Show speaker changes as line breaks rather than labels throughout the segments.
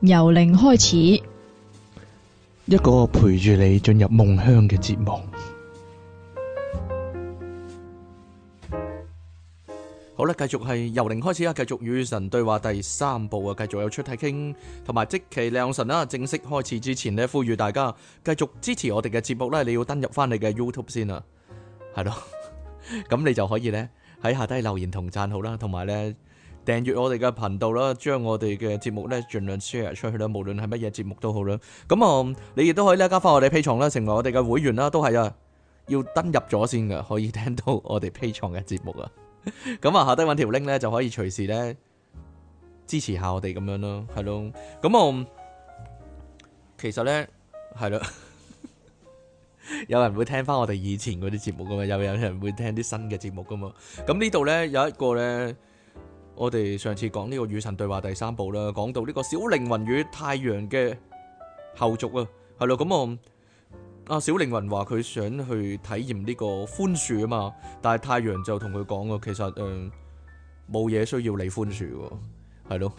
由零開始，
一個陪住你進入夢鄉嘅節目。好啦，繼續係由零開始啊！繼續與神對話第三部啊！繼續有出體傾，同埋即期亮神啦！正式開始之前呢，呼籲大家繼續支持我哋嘅節目咧，你要登入翻你嘅 YouTube 先啊，係咯，咁你就可以咧喺下低留言同讚好啦，同埋咧。訂閱我哋嘅頻道啦，將我哋嘅節目咧盡量 share 出去啦，無論係乜嘢節目都好啦。咁啊、嗯，你亦都可以咧加翻我哋 P 床啦，成為我哋嘅會員啦，都係啊，要登入咗先噶，可以聽到我哋 P 床嘅節目啊。咁啊、嗯，下低搵條 link 咧就可以隨時咧支持一下我哋咁樣咯，係咯。咁啊、嗯，其實咧係咯，有人會聽翻我哋以前嗰啲節目噶嘛，又有人會聽啲新嘅節目噶嘛。咁呢度咧有一個咧。我哋上次講呢個與神對話第三部啦，講到呢個小靈魂與太陽嘅後續啊，係咯，咁我啊小靈魂話佢想去體驗呢個寬恕啊嘛，但係太陽就同佢講個，其實誒冇嘢需要你寬恕嘅，係咯，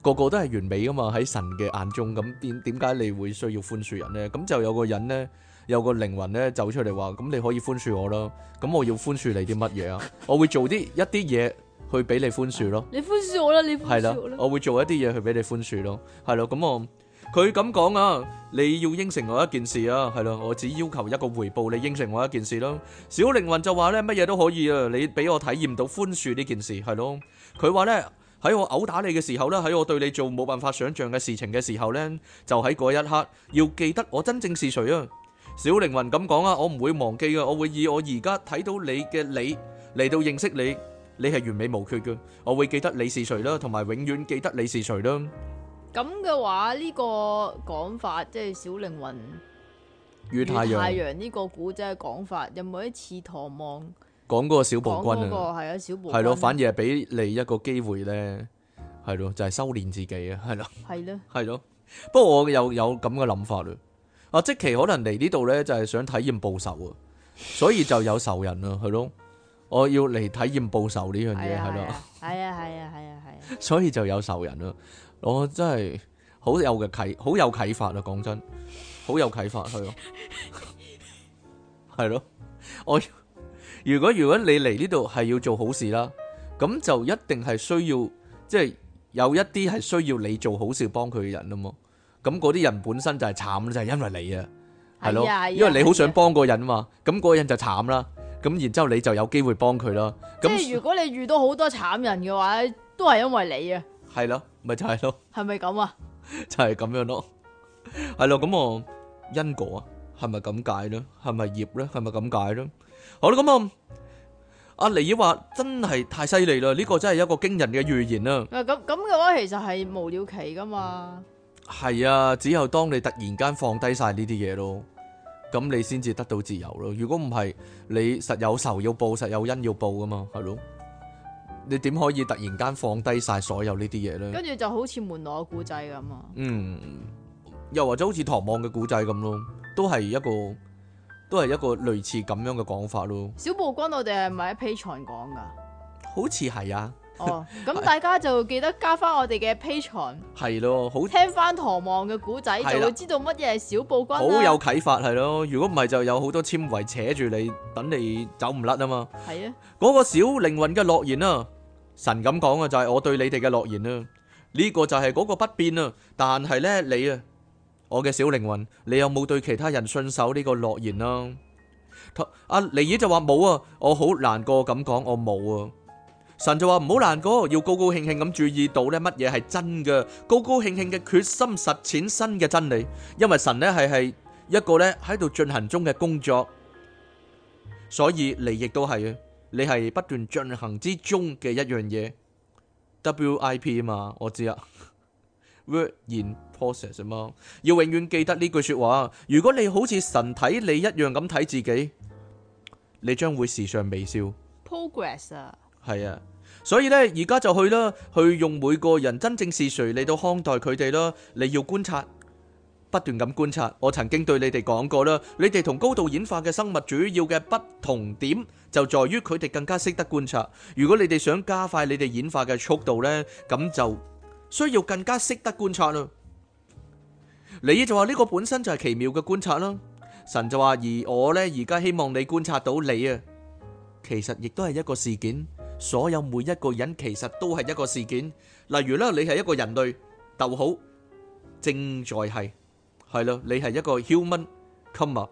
個個都係完美噶嘛，喺神嘅眼中，咁點點解你會需要寬恕人咧？咁就有個人咧，有個靈魂咧走出嚟話，咁你可以寬恕我咯，咁我要寬恕你啲乜嘢啊？我會做啲一啲嘢。去俾你寬恕咯，你
寬恕我啦，你寬恕我啦，我
會做一啲嘢，去俾你寬恕咯，係咯，咁我佢咁講啊，你要應承我一件事啊，係咯，我只要求一個回報，你應承我一件事咯。小靈魂就話咧，乜嘢都可以啊，你俾我體驗到寬恕呢件事，係咯，佢話咧，喺我毆打你嘅時候咧，喺我對你做冇辦法想象嘅事情嘅時候咧，就喺嗰一刻要記得我真正是誰啊。小靈魂咁講啊，我唔會忘記嘅，我會以我而家睇到你嘅你嚟到認識你。你係完美無缺嘅，我會記得你是誰啦，同埋永遠記得你是誰啦。
咁嘅話呢個講法，即係小靈魂
與太陽。太陽
呢個古仔嘅講法，有冇啲似唐望
講嗰個小暴君啊？
係啊，小暴君係咯，反而係
俾你一個機會咧，係咯，就係修煉自己啊，係咯，係咯。係咯，不過我又有咁嘅諗法啦。阿即其可能嚟呢度咧，就係想體驗報仇啊，所以就有仇人啦，係咯。我要嚟體驗報仇呢樣嘢係咯，
係啊係啊係啊係啊，啊，啊，啊，啊，啊，
所以就有仇人咯。我真係好有嘅啟，好有啟發，有發啊！講真，好有啟發係咯，係咯。我如果如果你嚟呢度係要做好事啦，咁就一定係需要，即係有一啲係需要你做好事幫佢嘅人啊嘛。咁嗰啲人本身就係慘，就係因為你
啊，係咯，因為你好想
幫嗰個人嘛，咁嗰個人就慘啦。咁，然之後你就有機會幫佢啦。即係如果
你遇到好多慘人嘅話，都係因為你啊。
係咯，咪就係咯。係咪咁啊？就係咁樣咯。係咯，咁啊，因果啊係咪咁解咧？係咪業咧？係咪咁解咧？好啦，咁啊，阿李話真係太犀利啦！呢個真係一個驚人嘅預言啊。
咁咁嘅話，其實係無了期噶嘛。
係啊，只有當你突然間放低晒呢啲嘢咯。咁你先至得到自由咯。如果唔係，你實有仇要報，實有恩要報噶嘛，係咯。你點可以突然間放低晒所有呢啲嘢咧？跟
住就好似《門羅嘅古仔》咁啊。嗯，
又或者好似《唐望》嘅古仔咁咯，都係一個，都係一個類似咁樣嘅講法咯。
小暴君，我哋係咪喺 Patreon 講噶？
好似係啊。哦，
咁大家就記得加翻我哋嘅 Patreon，
係咯，好
聽翻唐望嘅古仔就會知道乜嘢係小暴君啦。好有
啟發，係咯，如果唔係就有好多纖維扯住你，等你走唔甩啊嘛。係啊，嗰個小靈魂嘅諾言啊，神咁講嘅就係我對你哋嘅諾言啊，呢個就係嗰個不變啊。但係呢，你啊，我嘅小靈魂，你有冇對其他人信守呢個諾言啊？阿尼爾就話冇啊，我好難過咁講我冇啊。神就話唔好難過，要高高興興咁注意到呢，乜嘢係真嘅，高高興興嘅決心實踐新嘅真理。因為神呢係係一個呢喺度進行中嘅工作，所以你亦都係，你係不斷進行之中嘅一樣嘢。WIP 啊嘛，我知啊 ，work in process 啊嘛，要永遠記得呢句說話。如果你好似神睇你一樣咁睇自己，你將會時常微笑。
Progress 啊，
係啊。所以呢，而家就去啦，去用每個人真正是誰嚟到看待佢哋啦。你要觀察，不斷咁觀察。我曾經對你哋講過啦，你哋同高度演化嘅生物主要嘅不同點就在於佢哋更加識得觀察。如果你哋想加快你哋演化嘅速度呢，咁就需要更加識得觀察啦。你就話呢個本身就係奇妙嘅觀察啦。神就話，而我呢，而家希望你觀察到你啊，其實亦都係一個事件。所有每一個人其實都係一個事件，例如咧，你係一個人類，逗號正在係係咯，你係一個 human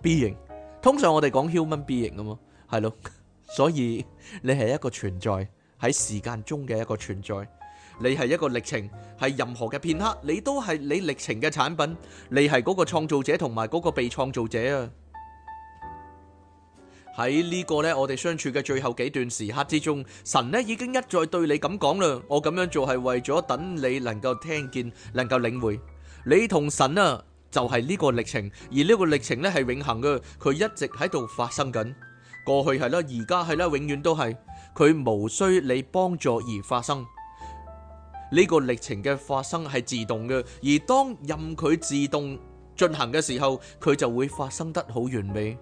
being，通常我哋講 human being 啊嘛，係咯，所以你係一個存在喺時間中嘅一個存在，你係一個歷程，係任何嘅片刻，你都係你歷程嘅產品，你係嗰個創造者同埋嗰個被創造者啊。喺呢個咧，我哋相處嘅最後幾段時刻之中，神咧已經一再對你咁講啦。我咁樣做係為咗等你能夠聽見，能夠領會。你同神啊，就係呢個歷程，而呢個歷程咧係永恆嘅，佢一直喺度發生緊。過去係啦，而家係啦，永遠都係。佢無需你幫助而發生。呢個歷程嘅發生係自動嘅，而當任佢自動進行嘅時候，佢就會發生得好完美。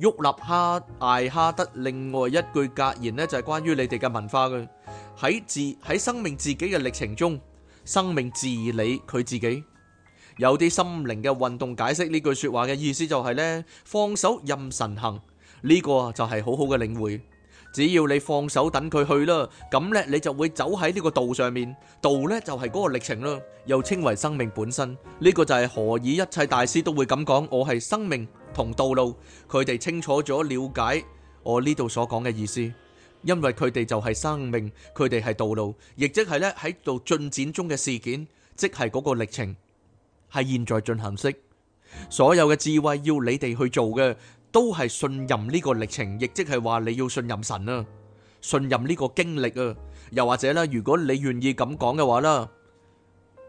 鬱立哈艾哈德，另外一句格言呢就係關於你哋嘅文化嘅，喺自喺生命自己嘅歷程中，生命自理佢自己。有啲心靈嘅運動解釋呢句說話嘅意思就係呢，放手任神行呢個就係好好嘅領會。只要你放手等佢去啦，咁呢你就會走喺呢個道上面，道呢就係嗰個歷程啦，又稱為生命本身。呢個就係何以一切大師都會咁講，我係生命。同道路，佢哋清楚咗了解我呢度所講嘅意思，因為佢哋就係生命，佢哋係道路，亦即係咧喺度進展中嘅事件，即係嗰個歷程，係現在進行式。所有嘅智慧要你哋去做嘅，都係信任呢個歷程，亦即係話你要信任神啊，信任呢個經歷啊。又或者咧，如果你願意咁講嘅話啦，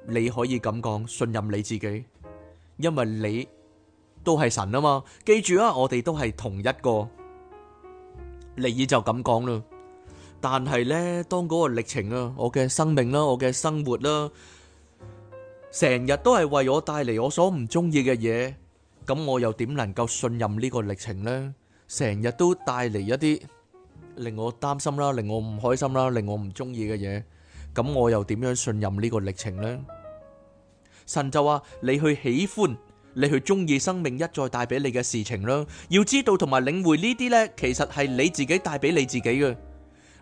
你可以咁講，信任你自己，因為你。都係神啊嘛。記住啊，我哋都係同一個，利爾就咁講啦，但係呢，當嗰個歷程啊，我嘅生命啦，我嘅生活啦，成日都係為我帶嚟我所唔中意嘅嘢，咁我又點能夠信任呢個歷程呢？成日都帶嚟一啲令我擔心啦，令我唔開心啦，令我唔中意嘅嘢，咁我又點樣信任呢個歷程呢？神就話你去喜歡。你去中意生命一再帶俾你嘅事情啦，要知道同埋領會呢啲呢，其實係你自己帶俾你自己嘅。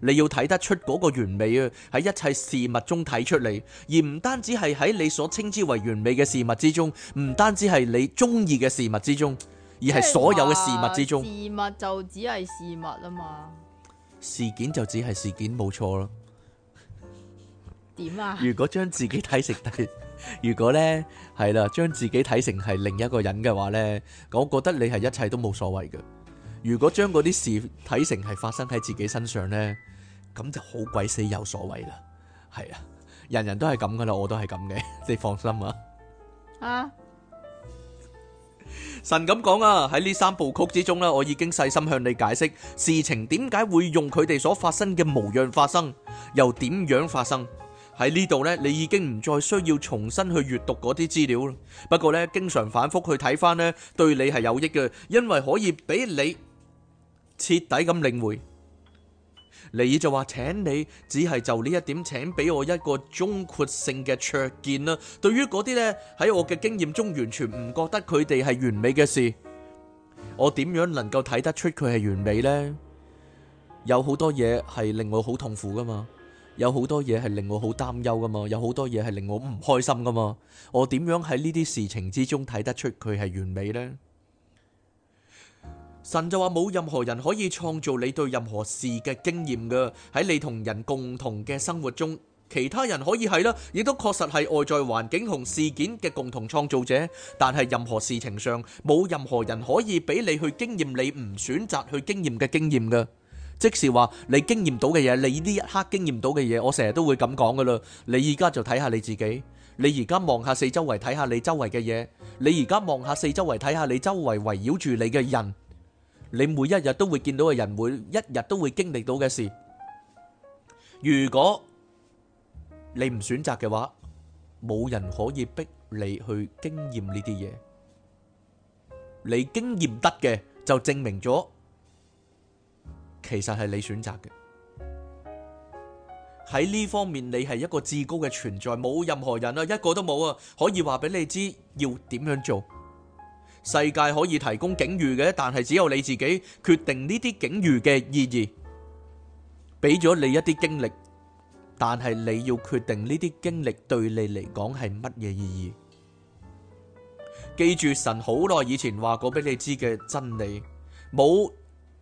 你要睇得出嗰個完美啊，喺一切事物中睇出嚟，而唔單止係喺你所稱之為完美嘅事物之中，唔單止係你中意嘅事物之中，而係所有嘅事物之中。事
物就只係事物啊嘛。
事件就只係事件，冇錯咯。
點啊？ 如
果將自己睇成低。 如果咧係啦，將自己睇成係另一個人嘅話咧，我覺得你係一切都冇所謂嘅。如果將嗰啲事睇成係發生喺自己身上咧，咁就好鬼死有所謂啦。係啊，人人都係咁噶啦，我都係咁嘅，你放心啊。啊！神咁講啊，喺呢三部曲之中呢，我已經細心向你解釋事情點解會用佢哋所發生嘅模樣發生，又點樣發生。喺呢度呢，你已經唔再需要重新去閱讀嗰啲資料啦。不過呢，經常反復去睇翻呢，對你係有益嘅，因為可以俾你徹底咁領會。尼爾就話，請你只係就呢一點，請俾我一個綜括性嘅卓見啦。對於嗰啲呢，喺我嘅經驗中完全唔覺得佢哋係完美嘅事，我點樣能夠睇得出佢係完美呢？有好多嘢係令我好痛苦噶嘛。有好多嘢係令我好擔憂噶嘛，有好多嘢係令我唔開心噶嘛。我點樣喺呢啲事情之中睇得出佢係完美呢？神就話冇任何人可以創造你對任何事嘅經驗噶。喺你同人共同嘅生活中，其他人可以係啦，亦都確實係外在環境同事件嘅共同創造者。但係任何事情上，冇任何人可以俾你去經驗你唔選擇去經驗嘅經驗噶。即是話你經驗到嘅嘢，你呢一刻經驗到嘅嘢，我成日都會咁講噶啦。你而家就睇下你自己，你而家望下四周圍，睇下你周圍嘅嘢，你而家望下四周圍，睇下你周圍圍繞住你嘅人，你每一日都會見到嘅人，每一日都會經歷到嘅事。如果你唔選擇嘅話，冇人可以逼你去經驗呢啲嘢。你經驗得嘅就證明咗。其實係你選擇嘅，喺呢方面你係一個至高嘅存在，冇任何人啊，一個都冇啊，可以話俾你知要點樣做。世界可以提供境遇嘅，但係只有你自己決定呢啲境遇嘅意義。俾咗你一啲經歷，但係你要決定呢啲經歷對你嚟講係乜嘢意義。記住神好耐以前話過俾你知嘅真理，冇。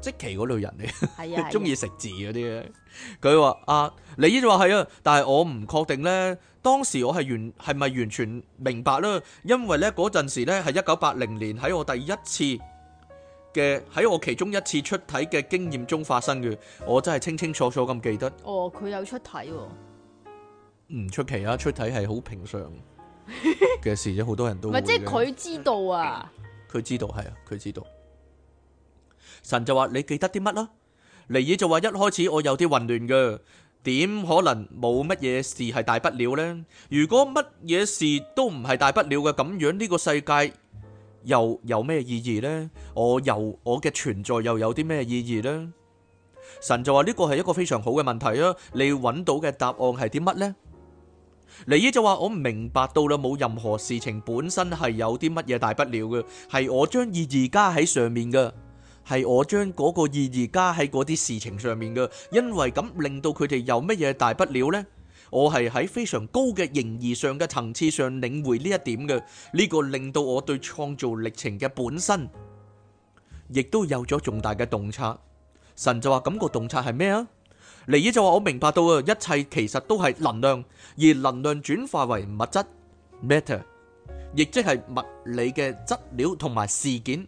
即其嗰類人嚟，中 意食字嗰啲。佢話：啊，你呢就話係啊，但係我唔確定咧。當時我係完係咪完全明白咧？因為咧嗰陣時咧係一九八零年喺我第一次嘅，喺我其中一次出體嘅經驗中發生嘅，我真係清清楚楚咁記得。
哦，佢有出體，哦，
唔出奇啊！出體係好平常嘅事，啫，好多人都唔係，即係佢
知道啊！
佢知道係啊，佢知道。神就話：你記得啲乜啦？尼爾就話：一開始我有啲混亂噶，點可能冇乜嘢事係大不了呢？如果乜嘢事都唔係大不了嘅，咁樣呢個世界又有咩意義呢？我又我嘅存在又有啲咩意義呢？神就話：呢個係一個非常好嘅問題啊！你揾到嘅答案係啲乜呢？尼爾就話：我明白到啦，冇任何事情本身係有啲乜嘢大不了嘅，係我將意義加喺上面噶。係我將嗰個意義加喺嗰啲事情上面嘅，因為咁令到佢哋有乜嘢大不了呢？我係喺非常高嘅形而上嘅層次上領會呢一點嘅，呢、這個令到我對創造歷程嘅本身，亦都有咗重大嘅洞察。神就話咁個洞察係咩啊？尼爾就話我明白到啊，一切其實都係能量，而能量轉化為物質 matter，亦即係物理嘅質料同埋事件。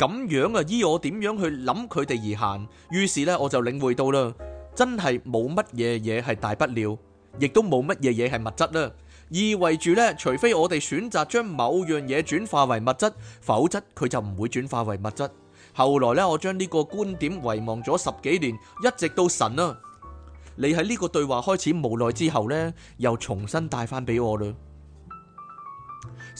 咁樣啊，依我點樣去諗佢哋而行，於是咧我就領會到啦，真係冇乜嘢嘢係大不了，亦都冇乜嘢嘢係物質啦。意味住咧，除非我哋選擇將某樣嘢轉化為物質，否則佢就唔會轉化為物質。後來咧，我將呢個觀點遺忘咗十幾年，一直到神啦，你喺呢個對話開始無奈之後咧，又重新帶翻俾我啦。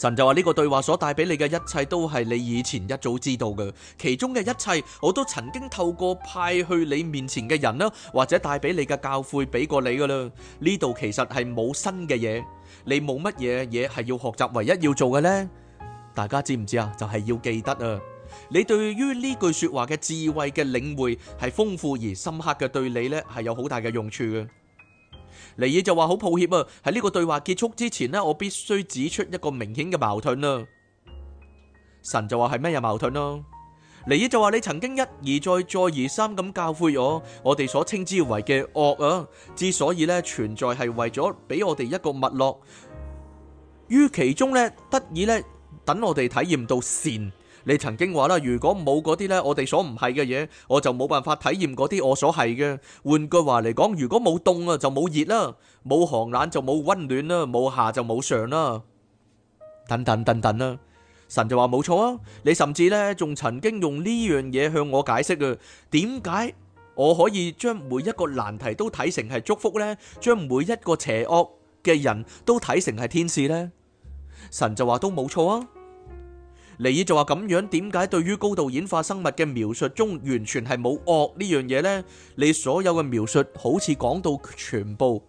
神就話，呢個對話所帶俾你嘅一切都係你以前一早知道嘅，其中嘅一切我都曾經透過派去你面前嘅人啦，或者帶俾你嘅教誨俾過你噶啦。呢度其實係冇新嘅嘢，你冇乜嘢嘢係要學習，唯一要做嘅呢？大家知唔知啊？就係要記得啊！你對於呢句說話嘅智慧嘅領會係豐富而深刻嘅，對你呢係有好大嘅用處嘅。尼爾就話好抱歉啊，喺呢個對話結束之前呢，我必須指出一個明顯嘅矛盾啦。神就話係咩矛盾咯？尼爾就話你曾經一而再、再而三咁教誨我，我哋所稱之為嘅惡啊，之所以咧存在係為咗俾我哋一個脈絡，於其中咧得以咧等我哋體驗到善。你曾經話啦，如果冇嗰啲呢，我哋所唔係嘅嘢，我就冇辦法體驗嗰啲我所係嘅。換句話嚟講，如果冇凍啊，就冇熱啦；冇寒冷就冇溫暖啦；冇下就冇上啦。等等等等啦，神就話冇錯啊。你甚至呢，仲曾經用呢樣嘢向我解釋啊，點解我可以將每一個難題都睇成係祝福呢？將每一個邪惡嘅人都睇成係天使呢？神就話都冇錯啊。尼爾就話，咁樣，點解對於高度演化生物嘅描述中，完全係冇惡呢樣嘢呢？你所有嘅描述好似講到全部，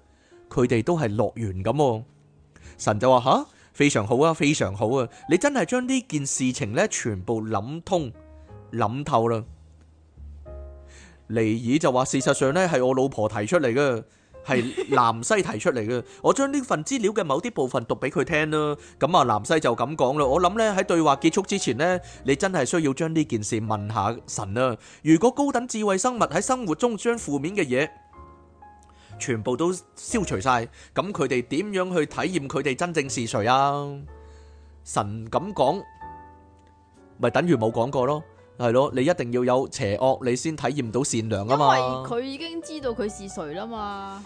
佢哋都係樂園咁。神就話吓、啊，非常好啊，非常好啊！你真係將呢件事情呢全部諗通諗透啦。尼爾就話，事實上呢係我老婆提出嚟嘅。係南西提出嚟嘅，我將呢份資料嘅某啲部分讀俾佢聽啦。咁啊，南西就咁講啦。我諗呢，喺對話結束之前呢，你真係需要將呢件事問下神啊。如果高等智慧生物喺生活中將負面嘅嘢全部都消除晒，咁佢哋點樣去體驗佢哋真正是誰啊？神咁講，咪等於冇講過咯。係咯，你一定要有邪惡，你先體驗到善良啊嘛。因為佢
已經知道佢是誰啦嘛。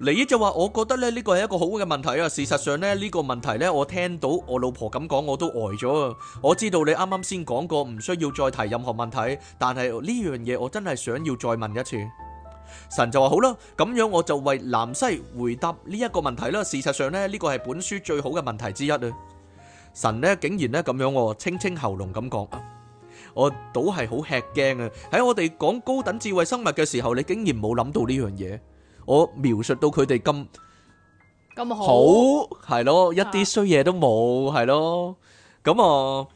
尼爾就話，我覺得咧呢個係一個好嘅問題啊。事實上咧呢個問題咧，我聽到我老婆咁講，我都呆咗啊。我知道你啱啱先講過，唔需要再提任何問題，但係呢樣嘢我真係想要再問一次。神就話好啦，咁樣我就為南西回答呢一個問題啦。事實上咧呢個係本書最好嘅問題之一啊。神咧竟然咧咁樣喎，清清喉嚨咁講。我倒係好吃驚啊！喺我哋講高等智慧生物嘅時候，你竟然冇諗到呢樣嘢。我描述到佢哋咁咁好係咯，一啲衰嘢都冇係咯。咁啊，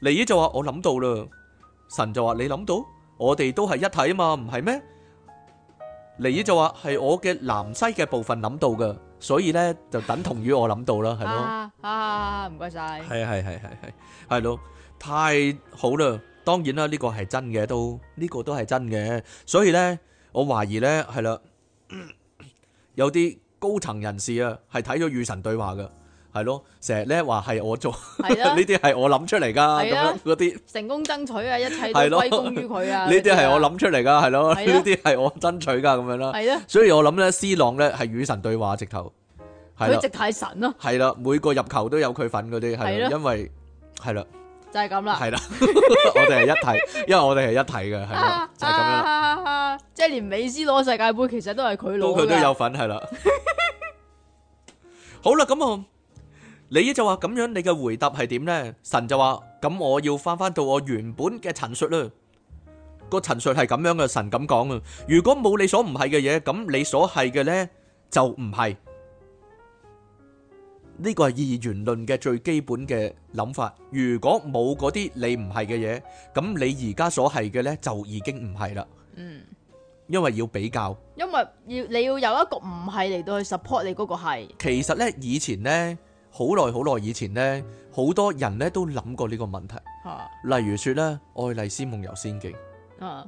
尼爾就話我諗到啦。神就話你諗到，我哋都係一體啊嘛，唔係咩？尼爾就話係我嘅南西嘅部分諗到噶，所以咧就等同於我諗到啦，係咯。啊，
唔該晒。係啊，
係係係係係咯。太好啦！當然啦，呢個係真嘅，都呢個都係真嘅。所以咧，我懷疑咧係啦，有啲高層人士啊，係睇咗與神對話嘅，係咯，成日咧話係我做係啊，呢啲係我諗出嚟㗎，嗰啲、啊、
成功爭取啊，一切都歸功於佢啊，呢啲係我
諗出嚟㗎，係咯、啊，呢啲係我爭取㗎，咁樣啦。係啊，所以我諗咧，C 朗咧係與神對話直頭係啦，直了
佢太神咯，係
啦，每個入球都有佢份嗰啲，係、啊、因為係啦。
就係咁啦，係啦，
我哋係一體，因為我哋係一體嘅，係啦，就係咁
啦，即係連美斯攞世界杯其實都係佢攞，都佢都有
份係啦。好啦，咁啊，你就話咁樣，你嘅回答係點呢？神就話咁，我要翻翻到我原本嘅陳述啦。個陳述係咁樣嘅，神咁講嘅。如果冇你所唔係嘅嘢，咁你所係嘅呢就唔係。呢個係二元論嘅最基本嘅諗法。如果冇嗰啲你唔係嘅嘢，咁你而家所係嘅呢，就已經唔係啦。嗯，因為要比較，
因為要你要有一個唔係嚟到去 support 你嗰個係。
其實呢，以前呢，好耐好耐以前呢，好多人呢都諗過呢個問題。係，例如說呢，《愛麗絲夢遊仙境》，啊，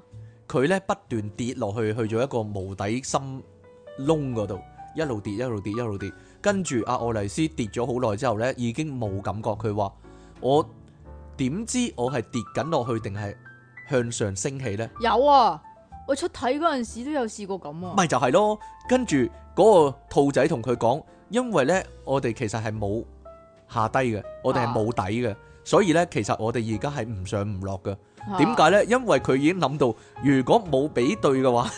佢呢不斷跌落去去咗一個無底深窿嗰度，一路跌，一路跌，一路跌。跟住阿愛麗絲跌咗好耐之後咧，已經冇感覺。佢話，我點知我係跌緊落去定係向上升起咧？
有啊，我出體嗰陣時都有試過咁啊。咪
就係咯。跟住嗰個兔仔同佢講，因為咧，我哋其實係冇下低嘅，我哋係冇底嘅，所以咧，其實我哋而家係唔上唔落嘅。點解咧？因為佢已經諗到，如果冇比對嘅話。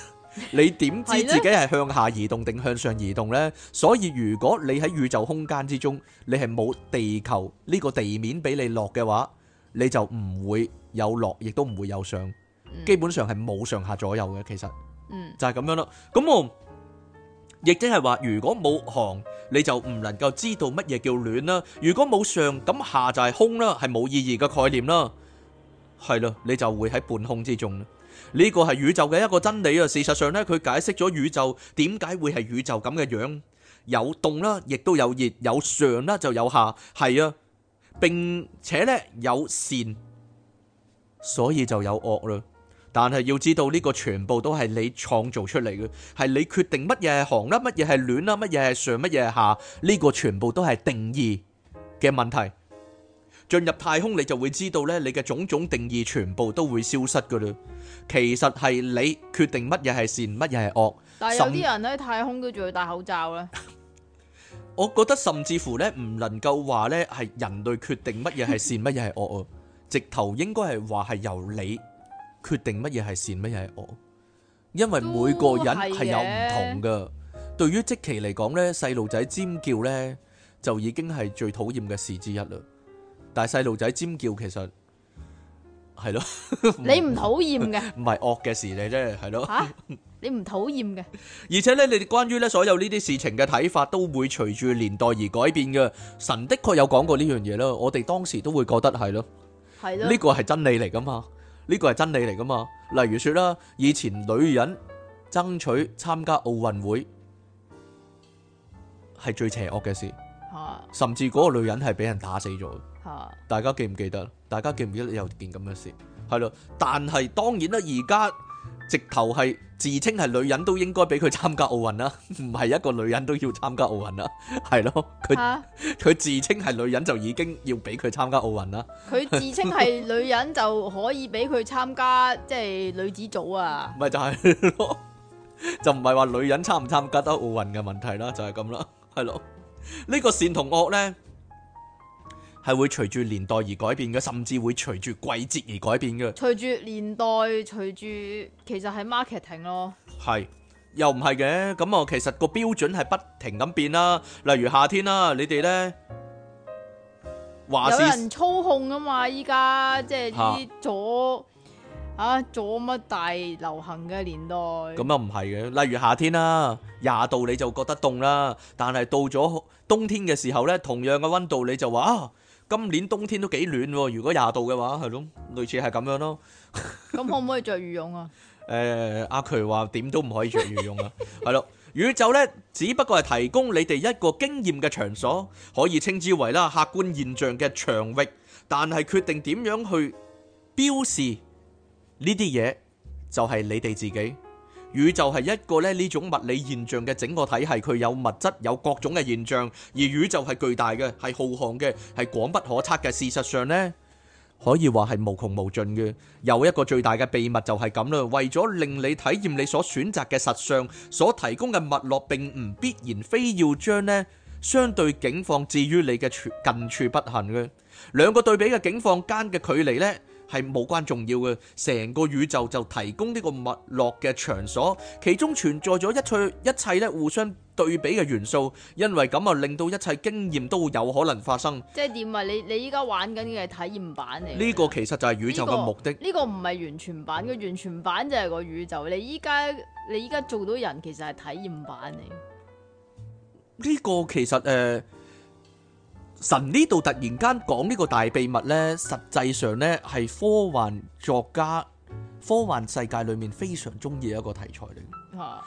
你點知自己係向下移動定向上移動呢？所以如果你喺宇宙空間之中，你係冇地球呢個地面俾你落嘅話，你就唔會有落，亦都唔會有上，基本上係冇上下左右嘅。其實就係咁樣咯。咁我亦即係話，如果冇寒，你就唔能夠知道乜嘢叫暖啦。如果冇上咁，下就係空啦，係冇意義嘅概念啦。係啦，你就會喺半空之中。呢個係宇宙嘅一個真理啊！事實上咧，佢解釋咗宇宙點解會係宇宙咁嘅樣，有凍啦，亦都有熱，有上啦，就有下，係啊，並且咧有善，所以就有惡啦。但係要知道呢個全部都係你創造出嚟嘅，係你決定乜嘢係寒啦，乜嘢係暖啦，乜嘢係上，乜嘢係下。呢個全部都係定義嘅問題。進入太空，你就會知道咧，你嘅種種定義全部都會消失噶啦。其實係你決定乜嘢係善，乜嘢係惡。但係有啲人
喺太空都仲要戴口罩咧。
我覺得甚至乎咧，唔能夠話咧係人類決定乜嘢係善，乜嘢係惡。直頭應該係話係由你決定乜嘢係善，乜嘢係惡。因為每個人係有唔同噶。對於即期嚟講咧，細路仔尖叫咧就已經係最討厭嘅事之一啦。但係細路仔尖叫其實。係咯、 啊，你唔討厭嘅，唔係惡嘅事嚟啫，係咯。吓，
你唔討厭嘅，
而且咧，你哋關於咧所有呢啲事情嘅睇法都會隨住年代而改變嘅。神的確有講過呢樣嘢啦，我哋當時都會覺得係咯，係咯，呢個係真理嚟噶嘛，呢個係真理嚟噶嘛。例如說啦，以前女人爭取參加奧運會係最邪惡嘅事。甚至嗰個女人係俾人打死咗，啊，大家記唔記得？大家記唔記得有件咁嘅事？係咯，但係當然啦，而家直頭係自稱係女人都應該俾佢參加奧運啦，唔係一個女人都要參加奧運啦，係咯，佢佢，啊、自稱係女人就已經要俾佢參加奧運啦，佢自稱係
女人就可以俾佢參加 即係女子組啊，
唔係就係，就唔係話女人參唔參加得奧運嘅問題啦，就係咁啦，係咯。係咯呢、呢個善同惡呢，係會隨住年代而改變嘅，甚至會隨住季節而改變嘅。
隨住年代，隨住其實係 marketing 咯。
係又唔係嘅？咁啊，其實個標準係不停咁變啦。例如夏天啦，啊，你哋咧，有人
操控啊嘛？依家即係啲左啊左乜大流行嘅年代。咁又
唔係嘅。例如夏天啦，啊，廿度你就覺得凍啦，但係到咗冬天嘅時候呢，同樣嘅溫度你就話啊，今年冬天都幾暖喎。如果廿度嘅話，係咯，類似係咁樣咯。
咁可唔可以着羽絨啊？
誒，阿渠話點都唔可以着羽絨啊。係咯，宇宙呢只不過係提供你哋一個經驗嘅場所，可以稱之為啦，客觀現象嘅場域，但係決定點樣去標示呢啲嘢，就係你哋自己。宇宙係一個咧呢種物理現象嘅整個體系，佢有物質，有各種嘅現象，而宇宙係巨大嘅，係浩瀚嘅，係廣不可測嘅。事實上咧，可以話係無窮無盡嘅。有一個最大嘅秘密就係咁啦。為咗令你體驗你所選擇嘅實相，所提供嘅脈絡，並唔必然非要將咧相對景況置於你嘅近處不幸嘅兩個對比嘅景況間嘅距離咧。係無關重要嘅，成個宇宙就提供呢個脈絡嘅場所，其中存在咗一切一切咧互相對比嘅元素，因為咁啊，令到一切經驗都有可能發生。
即係點啊？你你依家玩緊嘅係體驗版嚟。呢、這個
其實就係宇宙嘅目的。呢、
這個唔係、這個、完全版嘅，完全版就係個宇宙。你依家你依家做到人，其實係體驗版嚟。呢、
這個其實誒。呃神呢度突然間講呢個大秘密呢，實際上呢係科幻作家、科幻世界裏面非常中意一個題材嚟。吓，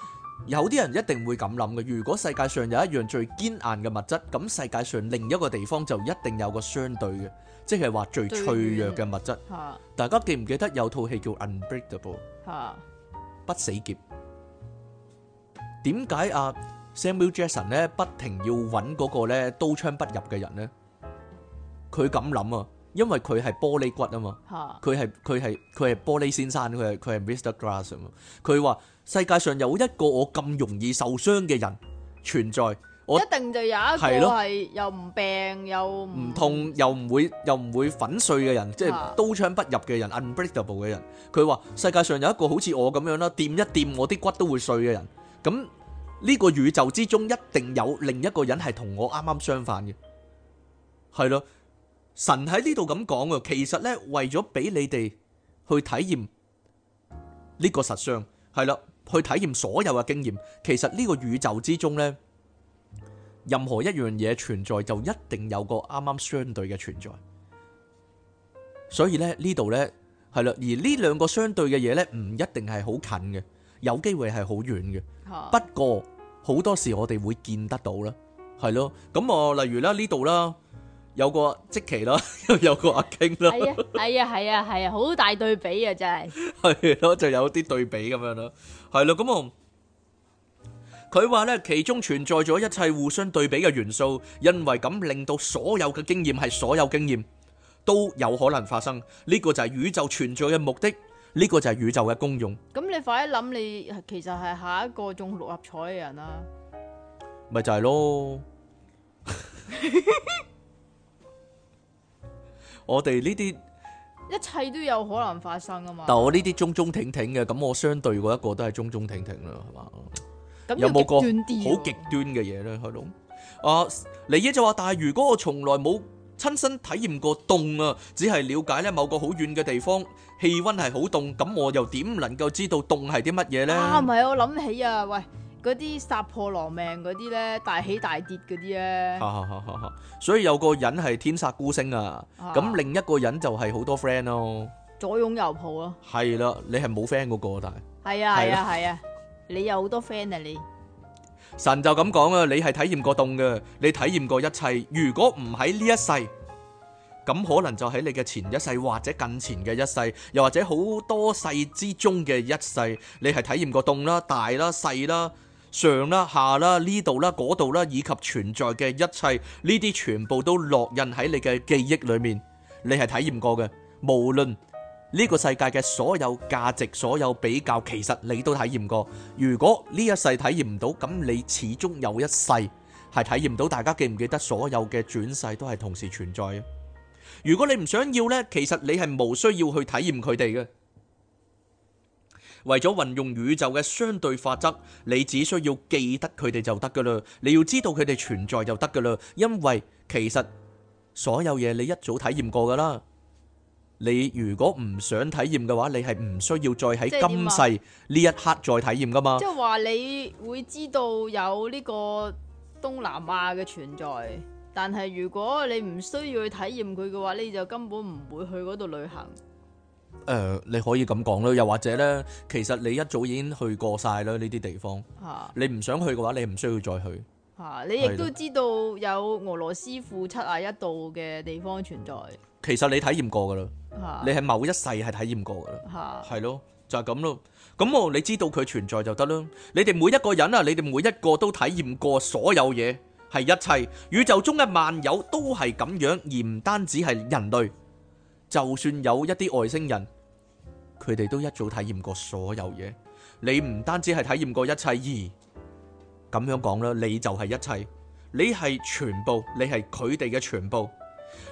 有啲人一定會咁諗嘅。如果世界上有一樣最堅硬嘅物質，咁世界上另一個地方就一定有個相對嘅，即係話最脆弱嘅物質。
吓，
大家記唔記得有套戲叫《Unbreakable》？吓，不死劫。點解啊？Samuel Jackson 咧不停要揾嗰個咧刀槍不入嘅人咧，佢咁諗啊，因為佢係玻璃骨啊嘛，佢係佢係佢係玻璃先生，佢係佢係 Mr. Glass 啊，佢話世界上有一個我咁容易受傷嘅人存在，我一
定就有一個係又唔病又唔
痛又唔會又唔會粉碎嘅人，即係刀槍不入嘅人，unbreakable 嘅人，佢話世界上有一個好似我咁樣啦，掂一掂我啲骨都會碎嘅人，咁。呢個宇宙之中一定有另一個人係同我啱啱相反嘅，係咯，神喺呢度咁講啊，其實呢為咗俾你哋去體驗呢個實相，係啦，去體驗所有嘅經驗。其實呢個宇宙之中呢，任何一樣嘢存在就一定有個啱啱相對嘅存在。所以呢呢度呢，係啦，而呢兩個相對嘅嘢呢唔一定係好近嘅。有機會係好遠嘅，不過好多時我哋會見得到啦，係咯。咁我例如啦，呢度啦，有個積奇啦，有個阿京啦，
係啊，係啊，係啊，好大對比啊，真係。
係咯，就有啲對比咁樣咯，係咯。咁我佢話呢，其中存在咗一切互相對比嘅元素，因為咁令到所有嘅經驗係所有經驗都有可能發生。呢個就係宇宙存在嘅目的。呢個就係宇宙嘅功用。
咁你快一諗，你其實係下一個中六合彩嘅人啦。
咪就係咯。我哋呢啲
一切都有可能發生啊嘛。但係我
呢啲中中挺挺嘅，咁我相對嗰一個都係中中挺挺啦，係嘛？
有冇個好
極端嘅嘢咧？係咯。啊，嚟嘢就話，但係如果我從來冇。親身體驗過凍啊，只係了解咧某個好遠嘅地方氣溫係好凍，咁我又點能夠知道凍係啲乜嘢呢？啊，
唔係我諗起啊，喂，嗰啲殺破狼命嗰啲呢，大起大跌嗰啲啊，好好
好好好，所以有個人係天煞孤星啊，咁另一個人就係好多 friend 咯，
左擁右抱啊，
係啦，你係冇 friend 嗰個但
係，係啊係啊係啊，你有好多 friend 啊你。
神就咁講啊，你係體驗過凍嘅，你體驗過一切。如果唔喺呢一世，咁可能就喺你嘅前一世或者近前嘅一世，又或者好多世之中嘅一世，你係體驗過凍啦、大啦、細啦、上啦、下啦、呢度啦、嗰度啦，以及存在嘅一切，呢啲全部都烙印喺你嘅記憶裏面，你係體驗過嘅，無論。呢個世界嘅所有價值，所有比較，其實你都體驗過。如果呢一世體驗唔到，咁你始終有一世係體驗到。大家記唔記得，所有嘅轉世都係同時存在。如果你唔想要呢，其實你係冇需要去體驗佢哋嘅。為咗運用宇宙嘅相對法則，你只需要記得佢哋就得噶啦。你要知道佢哋存在就得噶啦，因為其實所有嘢你一早體驗過噶啦。你如果唔想體驗嘅話，你係唔需要再喺今世呢一刻再體驗噶嘛？即係
話你會知道有呢個東南亞嘅存在，但係如果你唔需要去體驗佢嘅話，你就根本唔會去嗰度旅行。
誒，你可以咁講囉，又或者呢，其實你一早已經去過晒啦呢啲地方。嚇！你唔想去嘅話，你唔需要再去。
嚇！你亦都知道有俄羅斯負七十一度嘅地方存在。
其實你體驗過噶啦，你係某一世係體驗過噶啦，係、啊、咯，就係咁咯。咁哦，你知道佢存在就得啦。你哋每一個人啊，你哋每一個都體驗過所有嘢，係一切宇宙中嘅萬有都係咁樣，而唔單止係人類，就算有一啲外星人，佢哋都一早體驗過所有嘢。你唔單止係體驗過一切，而咁樣講啦，你就係一切，你係全部，你係佢哋嘅全部。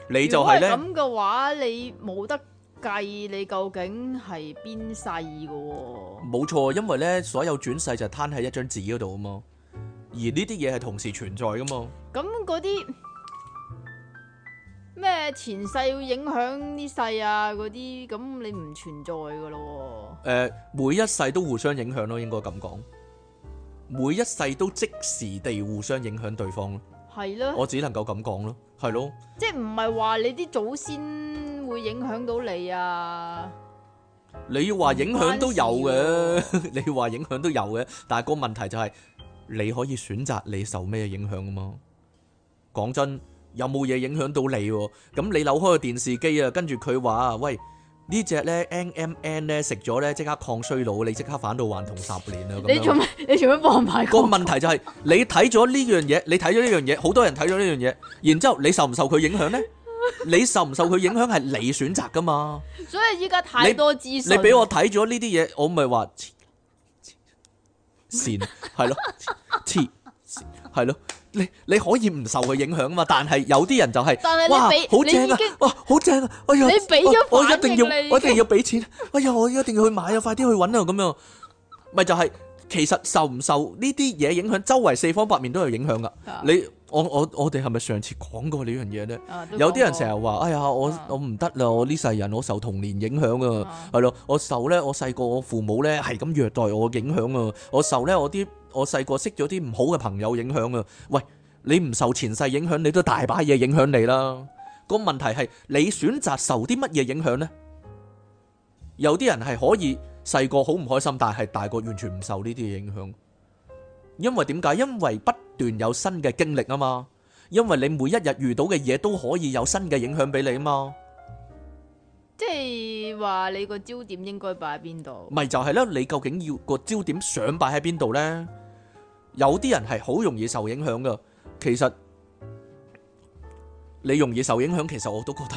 你就係呢，如果係咁
嘅話，你冇得計，你究竟係邊世嘅、哦？
冇錯，因為呢所有轉世就攤喺一張紙嗰度啊嘛。而呢啲嘢係同時存在噶嘛。
咁嗰啲咩前世會影響呢世啊？嗰啲咁你唔存在噶咯？
誒、呃，每一世都互相影響咯，應該咁講。每一世都即時地互相影響對方。係咯，我只能夠咁講咯，係咯。
即係唔係話你啲祖先會影響到你啊？你要話影響都有嘅，
你要話影響都有嘅。但係個問題就係，你可以選擇你受咩影響啊嘛？講真，有冇嘢影響到你喎？咁你扭開個電視機啊，跟住佢話啊，喂。呢隻咧 N M N 咧食咗咧，即刻抗衰老，你即刻返到還童十年啊！咁樣你做咩？你做
咩放牌？個
問題就係你睇咗呢樣嘢，你睇咗呢樣嘢，好多人睇咗呢樣嘢，然之後你受唔受佢影響咧？你受唔受佢影響係你選擇噶嘛？
所以依家太多資訊，你俾我
睇咗呢啲嘢，我咪話黐線，係咯，黐線，係咯。你你可以唔受佢影響啊嘛，但係有啲人就係、是，哇，好正啊，哇，好正啊，哎呀、哎，我一定要，我一定要俾錢， 哎呀，我一定要去買 啊，快啲去揾啊，咁樣，咪、 啊、就係、是、其實受唔受呢啲嘢影響，周圍四方八面都有影響㗎， 你。我我我哋係咪上次講過呢樣嘢呢？有啲人成日話：哎呀，我我唔得啦！我呢世人我受童年影響啊，係咯，我受呢我細個我父母呢係咁虐待我影響啊，我受呢我啲我細個識咗啲唔好嘅朋友影響啊。喂，你唔受前世影響，你都大把嘢影響你啦。個問題係你選擇受啲乜嘢影響呢？有啲人係可以細個好唔開心，但係大個完全唔受呢啲影響，因為點解？因為不。段有新嘅經歷啊嘛，因為你每一日遇到嘅嘢都可以有新嘅影響俾你啊嘛，
即係話你個焦點應該擺喺邊度？
咪就係咯，你究竟要個焦點想擺喺邊度呢？有啲人係好容易受影響噶，其實你容易受影響，其實我都覺得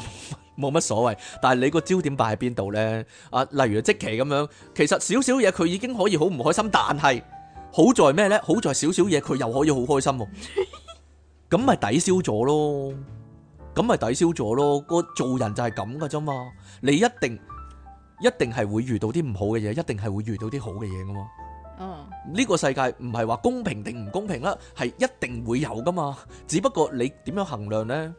冇乜冇乜所謂。但係你個焦點擺喺邊度呢？啊，例如即期咁樣，其實少少嘢佢已經可以好唔開心，但係。好在咩呢？好在少少嘢，佢又可以好開心，咁咪抵消咗咯，咁咪抵消咗咯。個做人就係咁噶啫嘛，你一定一定係會遇到啲唔好嘅嘢，一定係會遇到啲好嘅嘢噶嘛。嗯，呢個世界唔係話公平定唔公平啦，係一定會有噶嘛。只不過你點樣衡量呢？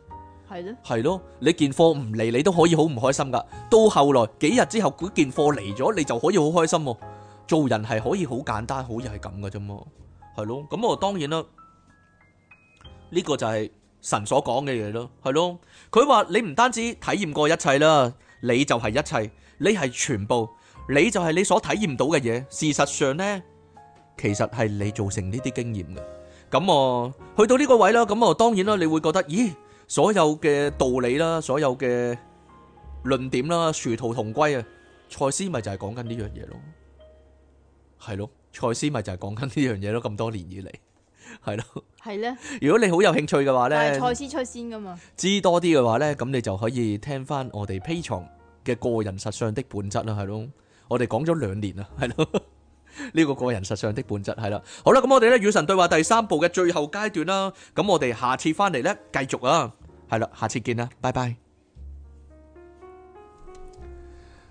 係咧，係咯，你件貨唔嚟，你都可以好唔開心噶。到後來幾日之後，嗰件貨嚟咗，你就可以好開心。做人係可以好簡單，好似係咁噶啫嘛，係咯。咁我當然啦，呢個就係神所講嘅嘢咯，係咯。佢話你唔單止體驗過一切啦，你就係一切，你係全部，你就係你所體驗到嘅嘢。事實上呢，其實係你造成呢啲經驗嘅。咁我去到呢個位啦，咁我當然啦，你會覺得，咦，所有嘅道理啦，所有嘅論點啦，殊途同歸啊！賽斯咪就係講緊呢樣嘢咯。係咯，賽斯咪就係講緊呢樣嘢咯。咁多年以嚟，係咯
係咧。
如果你好有興趣嘅話咧，賽
斯出先噶嘛。
知多啲嘅話咧，咁你就可以聽翻我哋披藏嘅個人實相的本質啦。係咯，我哋講咗兩年啦，係咯呢個個人實相的本質係啦。好啦，咁我哋咧與神對話第三部嘅最後階段啦。咁我哋下次翻嚟咧繼續啊。係啦，下次見啦，拜拜。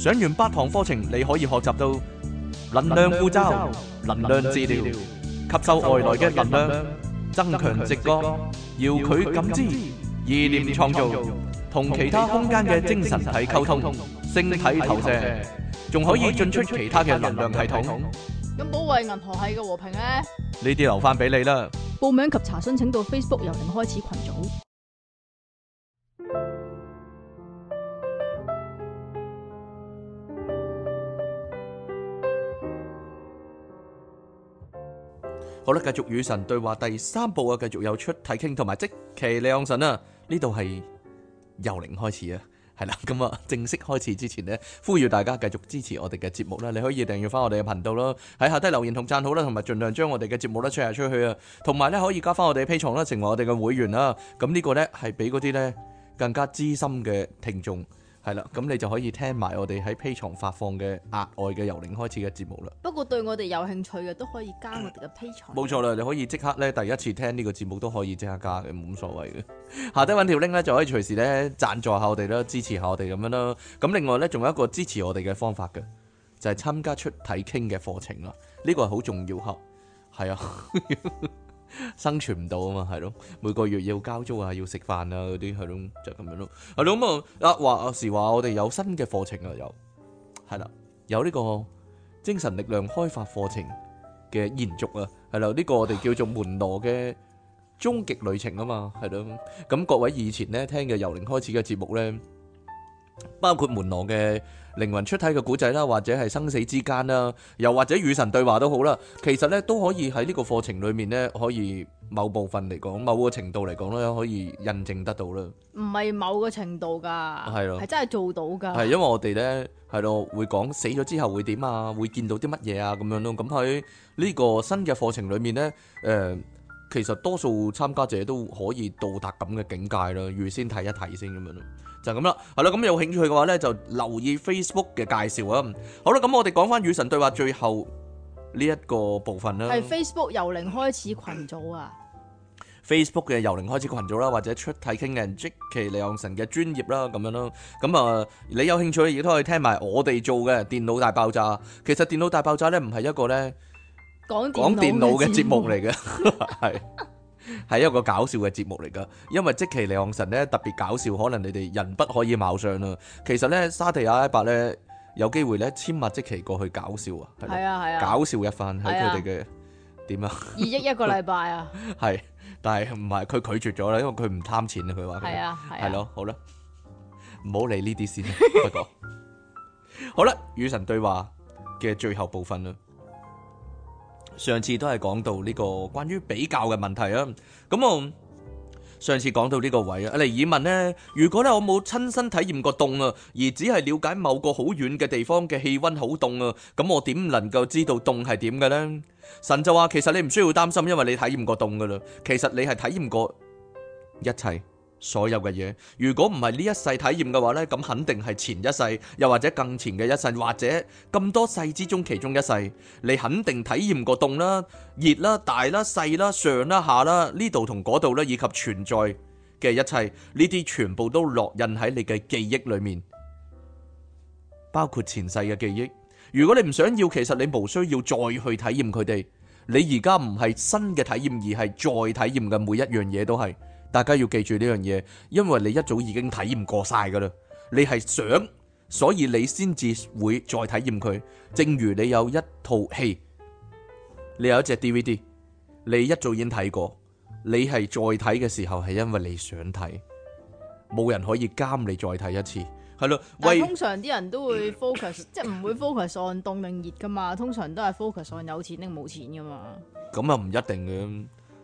上完八堂課程，你可以學習到能量護罩、能量治療、吸收外來嘅能量、增強直覺、遙距感知、意念創造、同其他空間嘅精神體溝通、星體投射，仲可以進出其他嘅能量系統。
咁保衛銀河系嘅和平咧？
呢啲留翻俾你啦。
報名及查詢請到 Facebook 由零開始群組。
好啦，繼續與神對話第三部啊，繼續有出睇傾，同埋即期亮神啊，呢度係由零開始啊，係啦，咁啊正式開始之前呢，呼籲大家繼續支持我哋嘅節目啦，你可以訂閱翻我哋嘅頻道啦，喺下低留言同讚好啦，同埋盡量將我哋嘅節目咧出 share 出去啊，同埋咧可以加翻我哋嘅 Patreon 啦，成為我哋嘅會員啦，咁、這、呢個咧係俾嗰啲咧更加資深嘅聽眾。係啦，咁你就可以聽埋我哋喺 Patreon 發放嘅額外嘅由零開始嘅節目啦。
不過對我哋有興趣嘅都可以加我哋嘅
Patreon。冇錯啦，你可以即刻咧第一次聽呢個節目都可以即刻加嘅，冇所謂嘅。 下低揾條 link 咧就可以隨時咧贊助下我哋啦，支持下我哋咁樣啦。咁另外咧仲有一個支持我哋嘅方法嘅，就係、係、參加出體傾嘅課程啦。呢、呢個係好重要吓，係啊。 生存唔到啊嘛，係咯，每個月要交租啊，要食飯啊，嗰啲係咯，就咁樣咯，係咯，咁啊話時話我哋有新嘅課程啊，有係啦，有呢個精神力量開發課程嘅延續啊，係啦，呢個我哋叫做門羅嘅終極旅程啊嘛，係咯，咁各位以前咧聽嘅由零開始嘅節目咧，包括門羅嘅。靈魂出體嘅古仔啦，或者係生死之間啦，又或者與神對話都好啦，其實咧都可以喺呢個課程裏面咧，可以某部分嚟講，某個程度嚟講咧，可以印證得到啦。
唔係某個程度㗎，係咯，係真係做到㗎。係
因為我哋咧，係咯，會講死咗之後會點啊，會見到啲乜嘢啊咁樣咯。咁喺呢個新嘅課程裏面咧，誒、呃，其實多數參加者都可以到達咁嘅境界啦，預先睇一睇先咁樣咯。就咁啦，係啦，咁有興趣嘅話咧，就留意 Facebook 嘅介紹啊。好啦，咁我哋講翻與神對話最後呢一個部分啦。係
Facebook 由零開始群組啊
！Facebook 嘅由零開始群組啦，或者出題傾嘅 Jackie 李昂神嘅專業啦，咁樣咯。咁啊，你有興趣亦都可以聽埋我哋做嘅電腦大爆炸。其實電腦大爆炸咧，唔係一個咧
講講電腦嘅節目嚟
嘅。係一個搞笑嘅節目嚟噶，因為即其尼盎神咧特別搞笑，可能你哋人不可以貌相啦。其實咧，沙地阿拉伯咧有機會咧千麥即其過去搞笑啊，係啊係啊，搞笑的一番喺佢哋嘅點啊，二
億一個禮拜啊，
係， 但係唔係佢拒絕咗啦，因為佢唔貪錢係啊，佢話係啊係，係咯、啊，好啦，唔好理呢啲先，不過， 好啦，與神對話嘅最後部分啦。上次都係講到呢個關於比較嘅問題啊，咁啊，上次講到呢個位啊，尼爾問呢，如果咧我冇親身體驗過凍啊，而只係了解某個好遠嘅地方嘅氣温好凍啊，咁我點能夠知道凍係點嘅呢？神就話，其實你唔需要擔心，因為你體驗過凍噶啦，其實你係體驗過一切。所有嘅嘢，如果唔係呢一世體驗嘅話呢，咁肯定係前一世，又或者更前嘅一世，或者咁多世之中其中一世，你肯定體驗過凍啦、熱啦、大啦、細啦、上啦、下啦，呢度同嗰度咧，以及存在嘅一切，呢啲全部都烙印喺你嘅記憶裏面，包括前世嘅記憶。如果你唔想要，其實你無需要再去體驗佢哋。你而家唔係新嘅體驗，而係再體驗嘅每一樣嘢都係。大家要記住呢樣嘢，因為你一早已經體驗過晒噶啦，你係想，所以你先至會再體驗佢。正如你有一套戲，你有一隻 DVD，你一早已經睇過，你係再睇嘅時候係因為你想睇。冇人可以監你再睇一次，係咯，喂，通
常啲人都會 focus，即係唔會 focuson 凍定熱噶嘛，通常都係 focuson 有錢定冇錢噶嘛。
咁又唔一定嘅。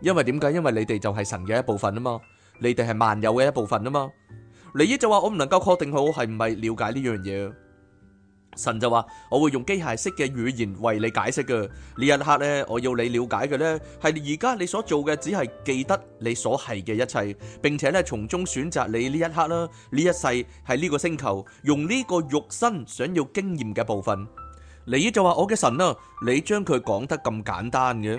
因為點解？因為你哋就係神嘅一部分啊嘛，你哋係萬有嘅一部分啊嘛。尼爾就話我唔能夠確定好係唔係了解呢樣嘢。神就話我會用機械式嘅語言為你解釋嘅呢一刻咧，我要你了解嘅咧係而家你所做嘅只係記得你所係嘅一切，並且咧從中選擇你呢一刻啦，呢一世係呢個星球用呢個肉身想要經驗嘅部分。尼爾就話我嘅神啊，你將佢講得咁簡單嘅？